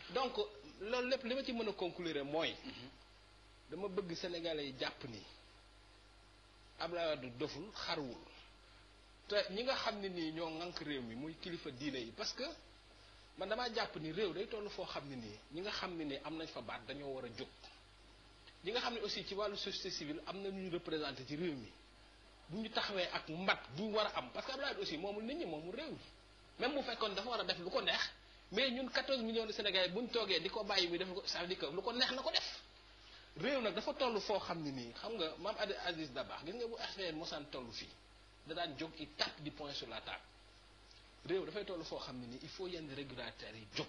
loolu lépp li ma ci mën a conclure mooy. Mhm. dama bëgg sénégalais yi jàpp ni Abdoulaye du doful xaruwul te ñi nga xam ne nii ñoo ŋànk réew mi muy kilifa diine yi parce que man dama jàpp ni réew day toll foo xam ne nii ñi nga xam ne nii am nañ fa baat dañoo war a jóg. ñi nga xam ne aussi ci wàllu société civile am na ñu ñu représenté ci réew mi bu ñu taxawee ak mbat bu war a am parce que Abdoulaye aussi moomul nit ñi moomul réew mi même bu fekkoon dafa war a def lu ko neex. mais ñun 14 million de Sénégalais bu ñu toogee di ko bàyyi bi def ko ça veut dire que lu ko neex na ko def réew nag dafa toll foo xam ne nii xam nga maam Abdou Aziz Dabakh gis nga bu affaire mosaan toll fii da daan jóg i tape du point sur la table réew dafay toll foo xam ne nii il faut yenn régulateurs yi jóg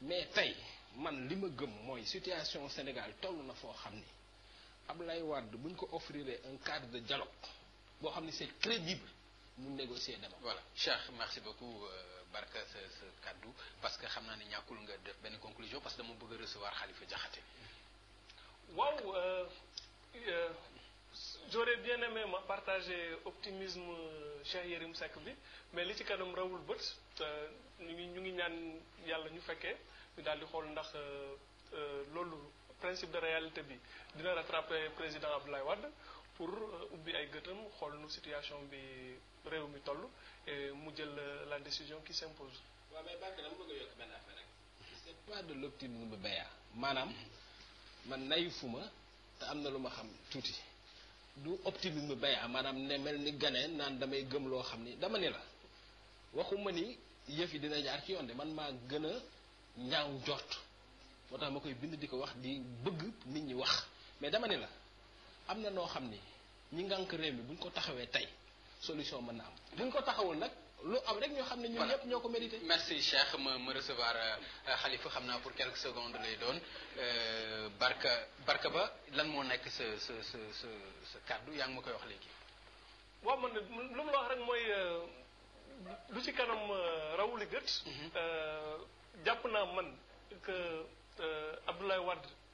mais tey man li ma gëm mooy situation Sénégal toll na foo xam ni Ablaye Wade bu ñu ko offriree un cadre de dialogue boo xam ne c'est crédible mu négocier dama voilà Cheikh merci beaucoup. Euh, barka sa sa kaddu parce que xam naa ni ñàkkul nga def benn conclusion parce que dama bëgg a recevoir Khalifa Diakhaté waaw euh, euh, j'aurais bien aimé ma partager optimisme euh, Cheikh Yérim Seck bi mais li ci kanam rawul bët ñu ngi ñu ngi ñaan yàlla ñu fekkee ñu daal di xool ndax loolu principe de réalité bi dina rattraper président Abdoulaye Wade pour euh, ubbi ay gëtam xool nu situation bi réew mi toll e mu jël euh, la décision qui s'impose. waaw mais Bakk dama bëgg a yokk benn affaire rek. te am na lu ma xam tuuti du optimisme béya maanaam ne mel ni ganeen naan damay gëm loo xam ni dama ni la waxuma ni yëf yi dina jaar ci yoon de man maa gën a ñaaw njort moo tax ma koy bind di ko wax di bëgg nit ñi wax mais dama ni la. am na noo xam ni ñi ngànk réew mi bu ñu ko taxawee tey solution mën na am bu ñu ko taxawul nag lu am rek ñoo xam ne ñun ñëpp ñoo ko mérité. merci Cheikh ma ma recevoir xalifa euh, xam naa pour quelques secondes lay doon euh, barka barka ba lan moo nekk sa sa sa sa sa kàddu yaa ngi ma koy wax léegi. waaw man lu mu wax rek mooy euh, lu ci kanam rawuli gët. Mhm. jàpp naa man que Abdoulaye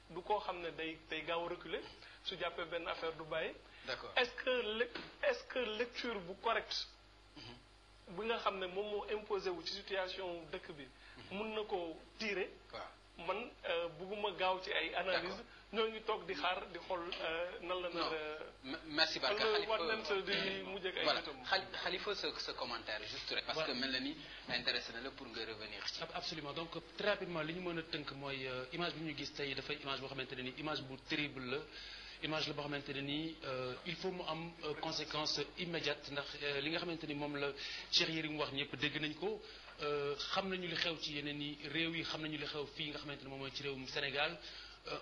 du koo xam ne day day gaaw a reculer. su jàppee benn affaire du bàyyi. d'accord est-ce que est-ce que lecture bu correcte. Mhm. bi nga xam ne moom moo imposé wu ci situation dëkk bi. Mhm. mun na ko tirer. man euh, bugguma gaaw ci ay analyse ñoo ngi toog di xaar di xool euh, nan la nar merci Barka xalifa sa sa commentaire juste rek parce que mel na ni intéressé na la pour nga revenir ci absolument donc très rapidement li ñu mën a tënk mooy euh, image bi ñu gis tey dafay image boo xamante ne ni image bu terrible la image la boo xamante ne nii euh, il faut mu am euh, conséquence immédiate ndax euh, li nga xamante ni moom la Cheikh mu wax ñëpp dégg nañ ko xam nañu li xew ci yeneen yi réew yi xam nañu li xew fii nga xamante ne moom mooy ci réewum Sénégal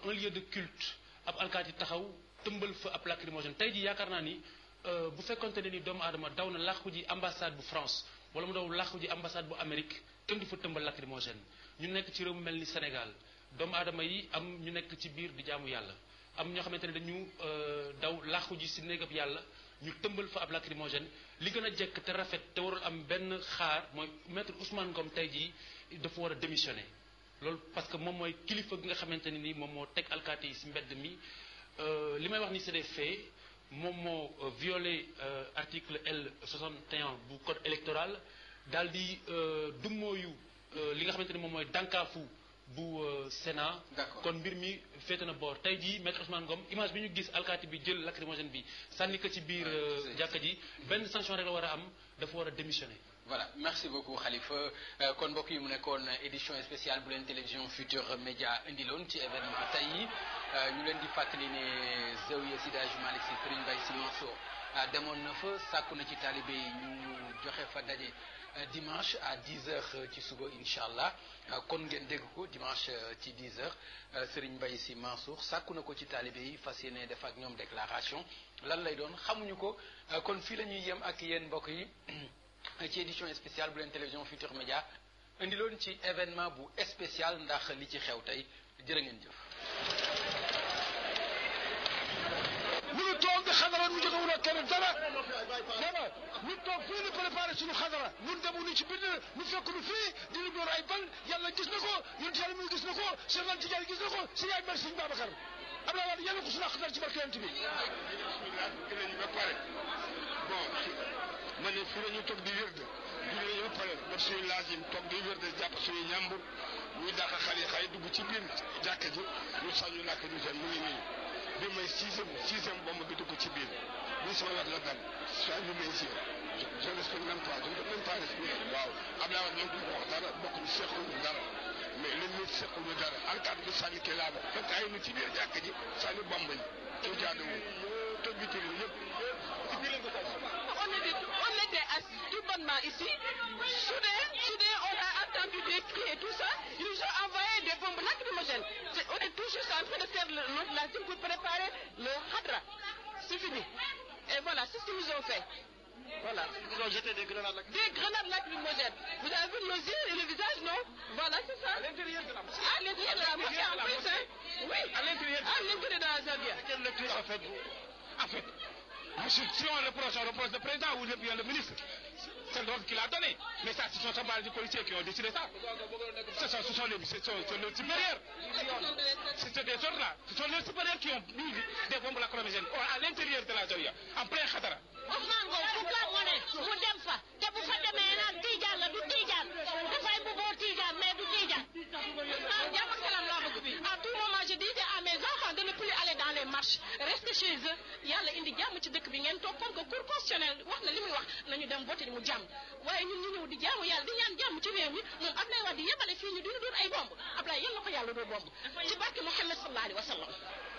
un lieu de culte ab alkaati taxaw tëmbal fa ab lacrymogène tey jii yaakaar naa ni bu fekkonte ne ni doomu aadama daw na làqu ji ambassade bu France wala mu daw làqu ji ambassade bu Amérique kenn du fa tëmbal lacrymogène ñu nekk ci réew mu mel ni Sénégal doomu aadama yi am ñu nekk ci biir di jaamu yàlla am ñoo xamante ne dañu euh, daw làqu ji si néegab yàlla ñu tëmbal fa ab lacrymogène li gën a jekk te rafet te warul am benn xaar mooy maître Ousmane Ngom tey jii dafa war a démissionner loolu parce que moom mooy kilifa gi nga xamante ne ni moom moo teg alkaati yi si mbedd mi euh, li may wax ni c'est des faits moom moo euh, violé article L 61 bu code électoral daal di dummooyu li nga xamante ni moom mooy dànkaafu bu euh, Sénat. kon mbir mi féete na boor tey jii maître Ousmane Ngom image bi ñu gis alkaati bi jël lacrymogène bi sànni ko ci biir euh, jàkka ji benn sanction rek la war a am dafa war a démissionner. voilà merci beaucoup Khalifa euh, kon mbokk yi mu nekkoon édition spéciale bu leen télévision Futurs média indiloon ci événement tey yi ñu leen di fàttali ne Zawiya Seydi Hadji Malick Sy Serigne Baye Sy Mansour demoon na fa sàkku na ci taalibe yi ñu joxe fa daje. Euh, dimanche à 10h euh, ci suba incha allah euh, kon ngeen dégg ko dimanche ci 10h Serigne Mbaye Sy Mansour sàkku na ko ci taalibe yi fas def ak ñoom déclaration lan lay doon xamuñu ko kon fii la ñuy yem ak yéen mbokk yi ci édition spéciale bu leen télévision Futur Média indiloon ci événement bu spécial ndax li ci xew tey jërë ngeen jëf. ñu toog di xadara ñu jóge wuloo kenn dara dara ñu toog fii di préparé suñu xadara ñun demu ni ci bind ñu fekk ñu fii di ñu door ay bal yàlla gis na ko ñun yàlla muy gis na ko Cheikh Anta Tidiane gis na ko si yaay mel Serigne Babacar Abdoulaye Wade yàlla ko suñu xadara ci barke yonent bi bon ma ne fii la ñu toog di wérde julli nañu ba pare def suñu laazim toog di wérde jàpp suñu ñàmbur ñuy dàq xale yi xale dugg ci biir jàkka ji ñu sañu làkk ñu seen mu ngi nii bi mooy sixième sixième bombe bi dugg ci biir bi sama wet la benn soit bi may si je respecte même pas je ne même pas respecté waaw Abdoulaye Wade ñoom duñ ko wax dara bokk ñu seqoñu dara mais li nit seqoñu dara alkaat bi sànni kii laa ba fekk ay nit ci biir jàkk ji sànni bomb yi ci jaaduwul tëj bi ci yëpp ci biir lañ ko on était assis tout bonnement ici soudé soudé entendu des cris et tout ça, ils nous ont envoyé des bombes lacrymogènes. On est toujours en train de faire le, notre lazim pour préparer le Hadra. C'est fini. Et voilà, c'est ce qu'ils nous ont fait. Voilà. Ils ont jeté des grenades lacrymogènes. Des grenades Vous avez vu nos yeux non Voilà, c'est ça. À l'intérieur de la mosquée. Oui. À l'intérieur de, la mosquée. en faites-vous En fait, si on reproche, on reproche le président ou bien le ministre. C'est l'ordre qu'il a donné. Mais ça, ce sont simplement des policiers qui ont décidé ça. Ce sont, ce sont les, ce sont, ce sont les supérieurs. C'est des ordres-là. Ce sont les supérieurs qui ont mis des bombes lacrymogènes à l'intérieur de la Zoya, en plein Khatara. Ousmane Gow bu ko wane mu dem fa te bu fa demee naan tiijaan la du tiijaan dafay bu boo tiijaan mais du tiijaan dans les marches rester chez eux yàlla indi jàmm ci dëkk bi ngeen toog comme que cour constitutionnel wax na li muy wax nañu dem voté mu jàmm waaye ñun ñu ñëw di jaamu yàlla di ñaan jàmm ci réew mi moom Ablaye Wade di yebale fii ñu dinu dóor ay bomb Ablaye yal na ko yàlla doo bomb ci barke Muhammad sallallahu alayhi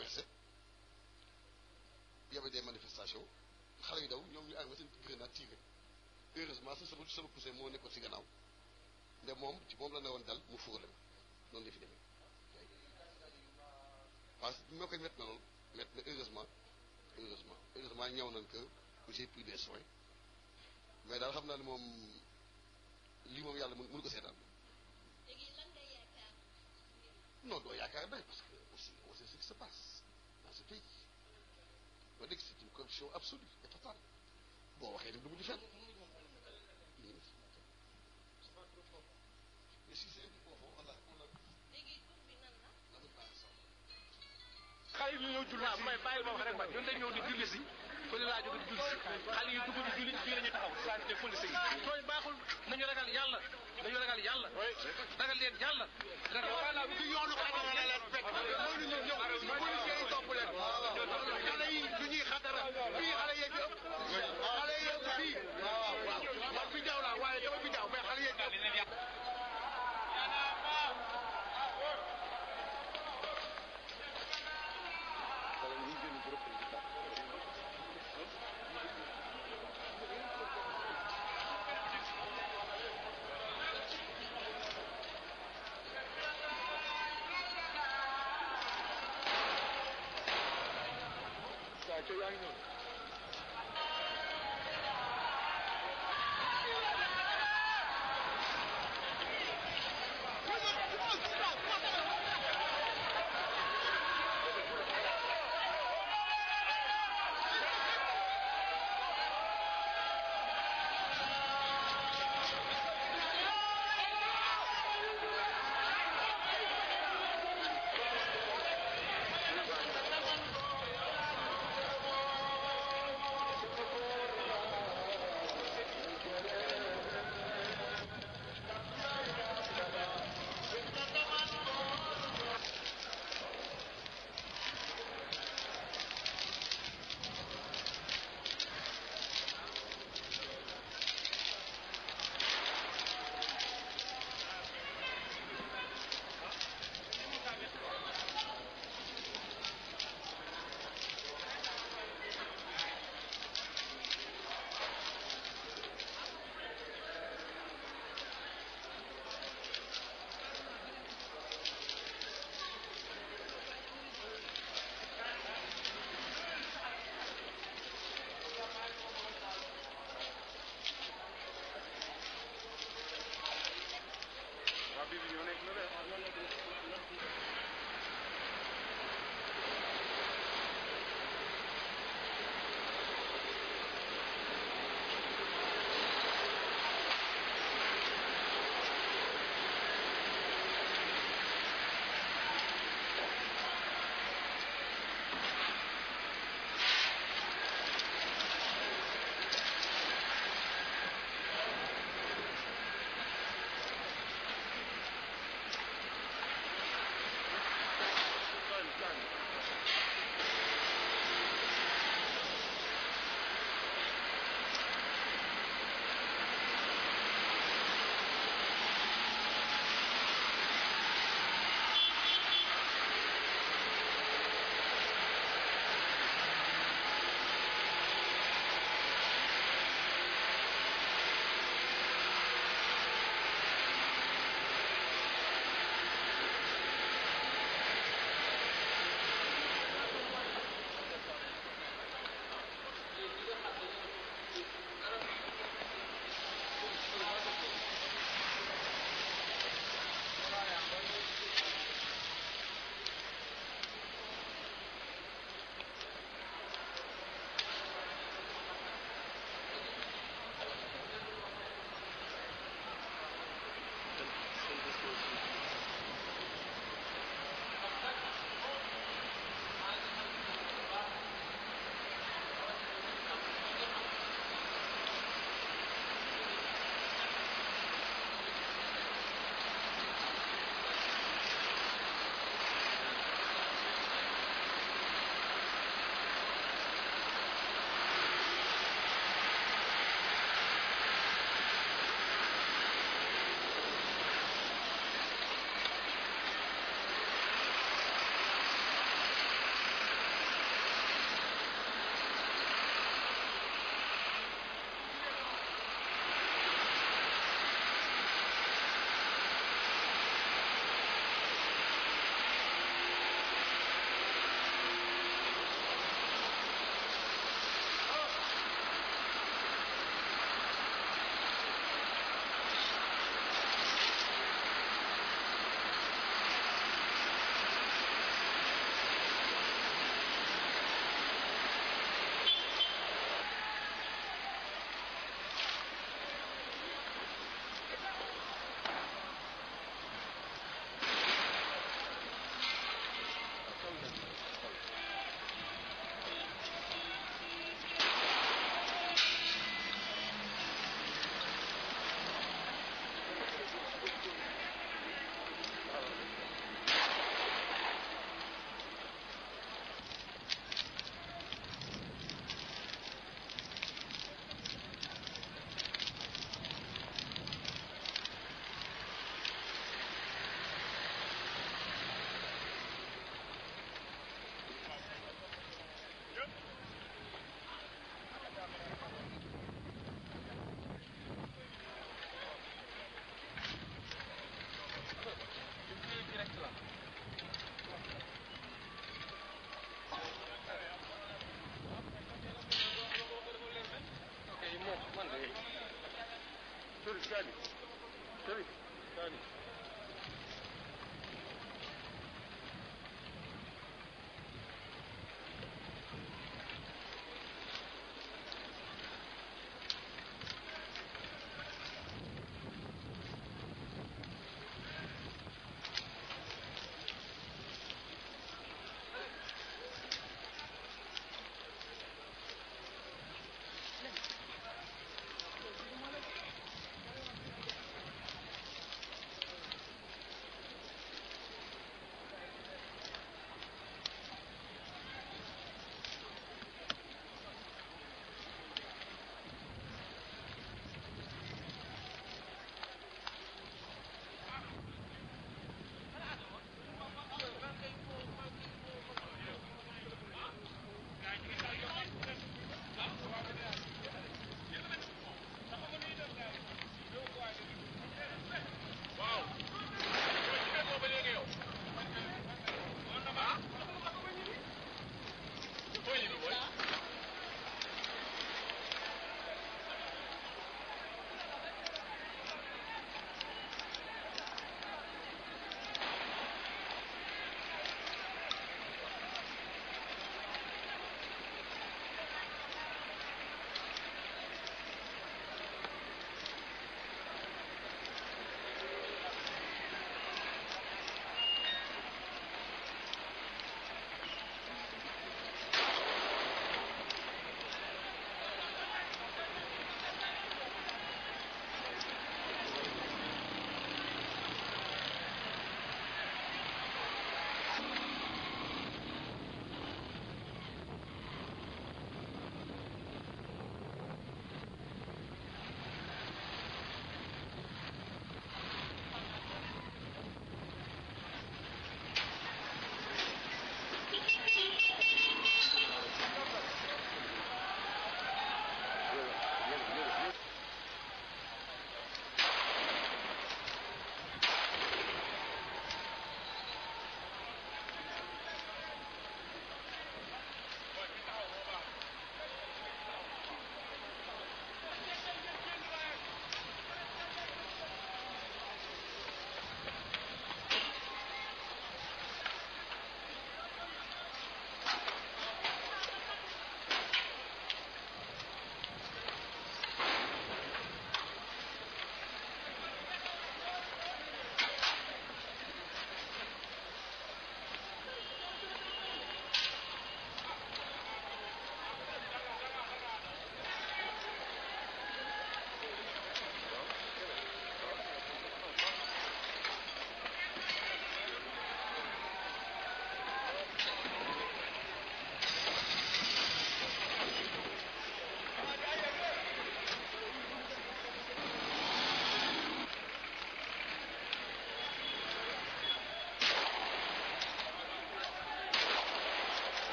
traversé il y avait des manifestations xale yu daw ñoom ñu arrivé seen grenade tiré heureusement sa sama sama moo nekkoon si gannaaw nde moom ci moom la ne woon dal mu fóorale ma noonu fi demee parce que moo koy mett na loolu mett na heureusement heureusement heureusement ñëw nañ que j'ai pris des soins mais daal xam naa ne moom lii moom yàlla mënu ko seetaan contradiction absolue et totale boo waxee rek du mujj fenn xale yi ñu ñëw julli si waaw ah, mooy bàyyi ma wax rek ma ñun dañ ñëw di julli si kon laa jóg di julli xale yu dugg di julli fii la ñu taxaw santé police yi tooñ baaxul nañu ragal yàlla nañu ragal yàlla ragal leen yàlla wala du yoonu xadara la leen fekk mënu ñu ñëw police yi topp leen xale yi du ñuy xadara fii xale yee fi ëpp xale yee ëpp fii man fi jaaw laa waaye dama fi jaaw mais xale yee fi ëpp yaa ngi noonu الثاني الثاني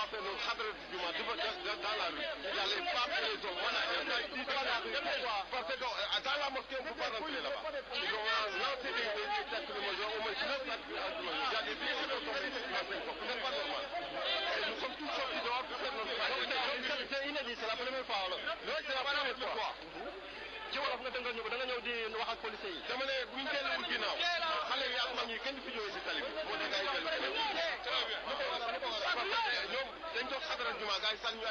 coiffés nos cadres du Juma dans la rue. Il y a les femmes et les hommes. Voilà, il y a des Pourquoi Parce que euh, dans la mosquée, on ne peut pas rentrer là-bas. Ils ont lancé des têtes de au moins 9 têtes Il y a des filles qui sont tombées sur la Ce n'est pas normal. Et nous sommes tous sortis dehors pour faire notre travail. C'est inédit, c'est la première fois. Non, c'est la première fois. ci wolof nga dëngal ñu ko da nga ñëw di wax ak policiers yi. dama ne bu ñu delluwul ginnaaw xale yi ak kenn du fi jógee si tali moo tax ay jël ñoom dañ toog xadaran juma gars yi sànni ñu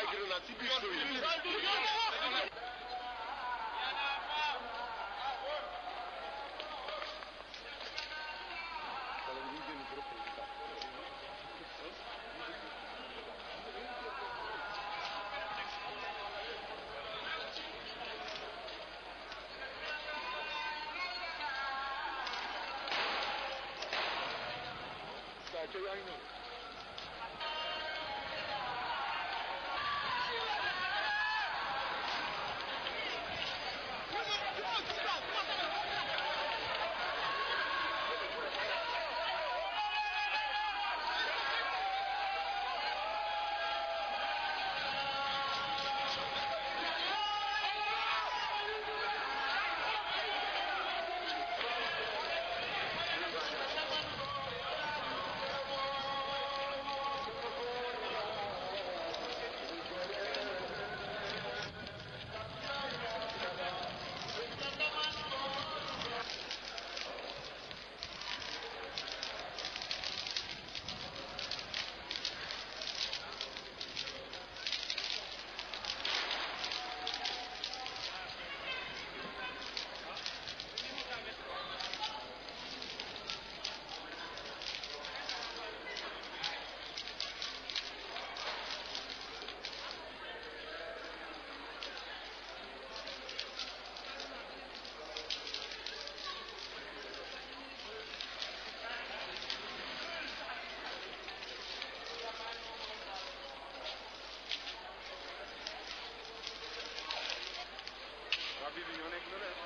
bi bi ñoo nekk lu leer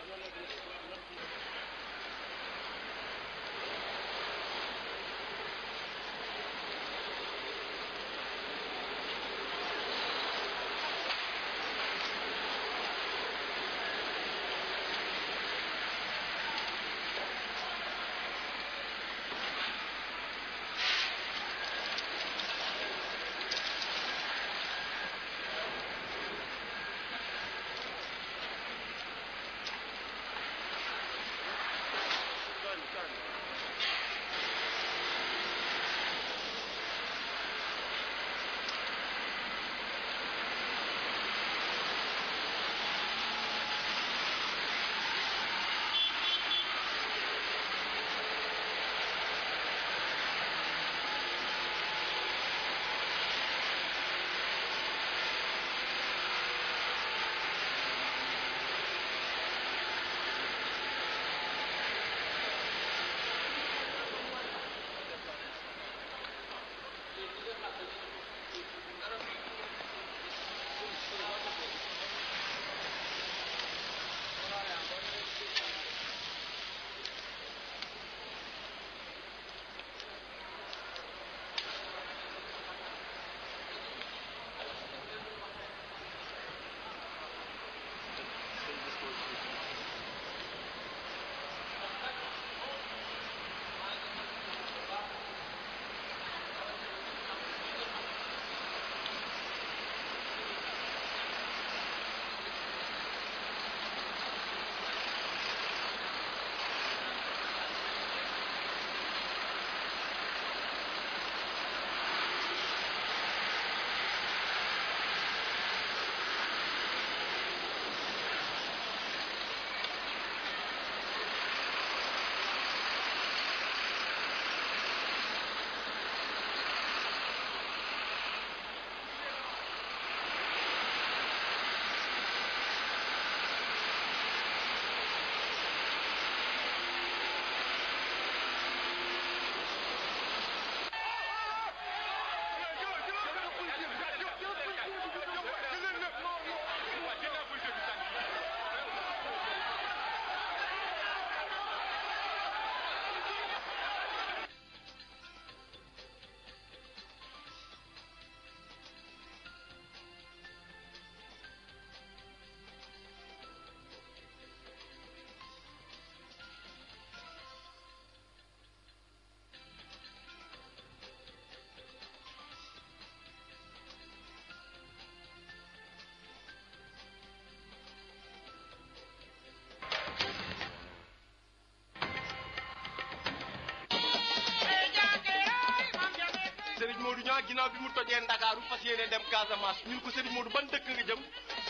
ginnaaw bi mu tojee Ndakaaru fas yéene dem Casamance ñu ne ko Serigne Modou ban dëkk nga jëm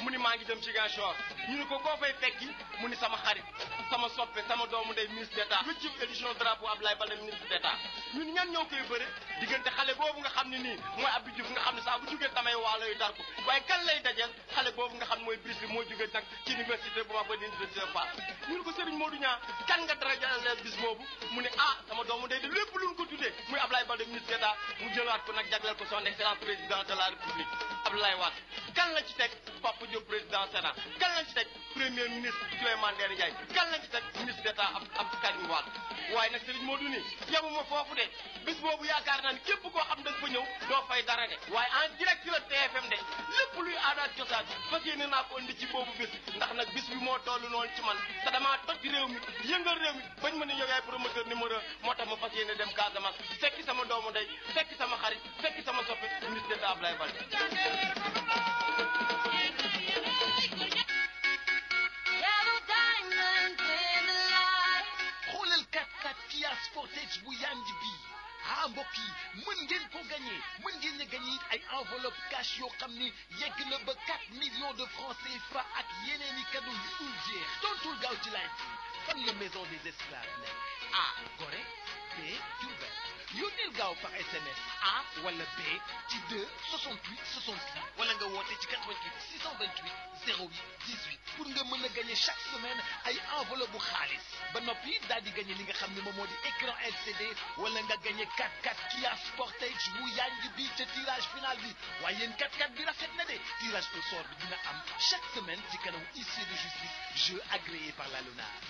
mu ni maa ngi jëm Ziguinchor ñu ne ko koo fay fekki mu ni sama xarit sama soppe sama doomu ndey ministre d' état huitième édition drapeau Abdoulaye Baldé ministre d' état ñun ñan ñoo koy bëre diggante xale boobu nga xam ne nii mooy Abdou Diouf nga xam ne saa bu jugee tamay waalo yu dar waaye kan lay dajeel xale boobu nga xam ne mooy brise bi moo jugee nag ci université bu ma ba di université Fass ñun ko Serigne Modou Niang kan nga dara jëlal boobu mu ne ah sama doomu day di lépp lu ko tuddee muy Ablaye Baldé ministre d'État mu jëlaat ko nag jagleel ko son excellence président de la République Abdoulaye Wade kan la defee bis boobu yaakaar naa ne képp koo xam da nga fa ñëw doo fay dara de waaye en direct la TFM de lépp luy aada ak cosaan fas yéene naa ko indi ci boobu bis ndax nag bis bi moo toll noonu ci man te damaa toj réew mi yëngal réew mi bañ ma ne yow yaay promoteur numéro moo tax ma fas yéene dem Casamance fekki sama doomu ndey fekki sama xarit fekki sama soppe ministre d'État Abdoulaye Wade Sportage bu yànj bi ah mbokk yi mën ngeen ko gagné mën ngeen a gagné it ay enveloppe cash yoo xam ni yegg na ba 4 millions de francs CFA ak yeneen i cadeau yu dul jeex tontul gaaw ci laaj fan la maison des esclaves A Gorée B Diourbel yónneel gaaw par SMS A wala B ci 2 68 68 wala nga woote ci 88 628 08 18 pour nga mën a gagné chaque semaine ay enveloppe bu xaalis ba noppi daal di gagné li nga xam ne moom moo di écran LCD wala nga gagné 4x4 a Sportage bu yànj bi ca tirage final bi waaye yéen 4 x bi rafet na de tirage au sort bi am chaque semaine ci kanamu huissier de justice jeu agréé par la LONASE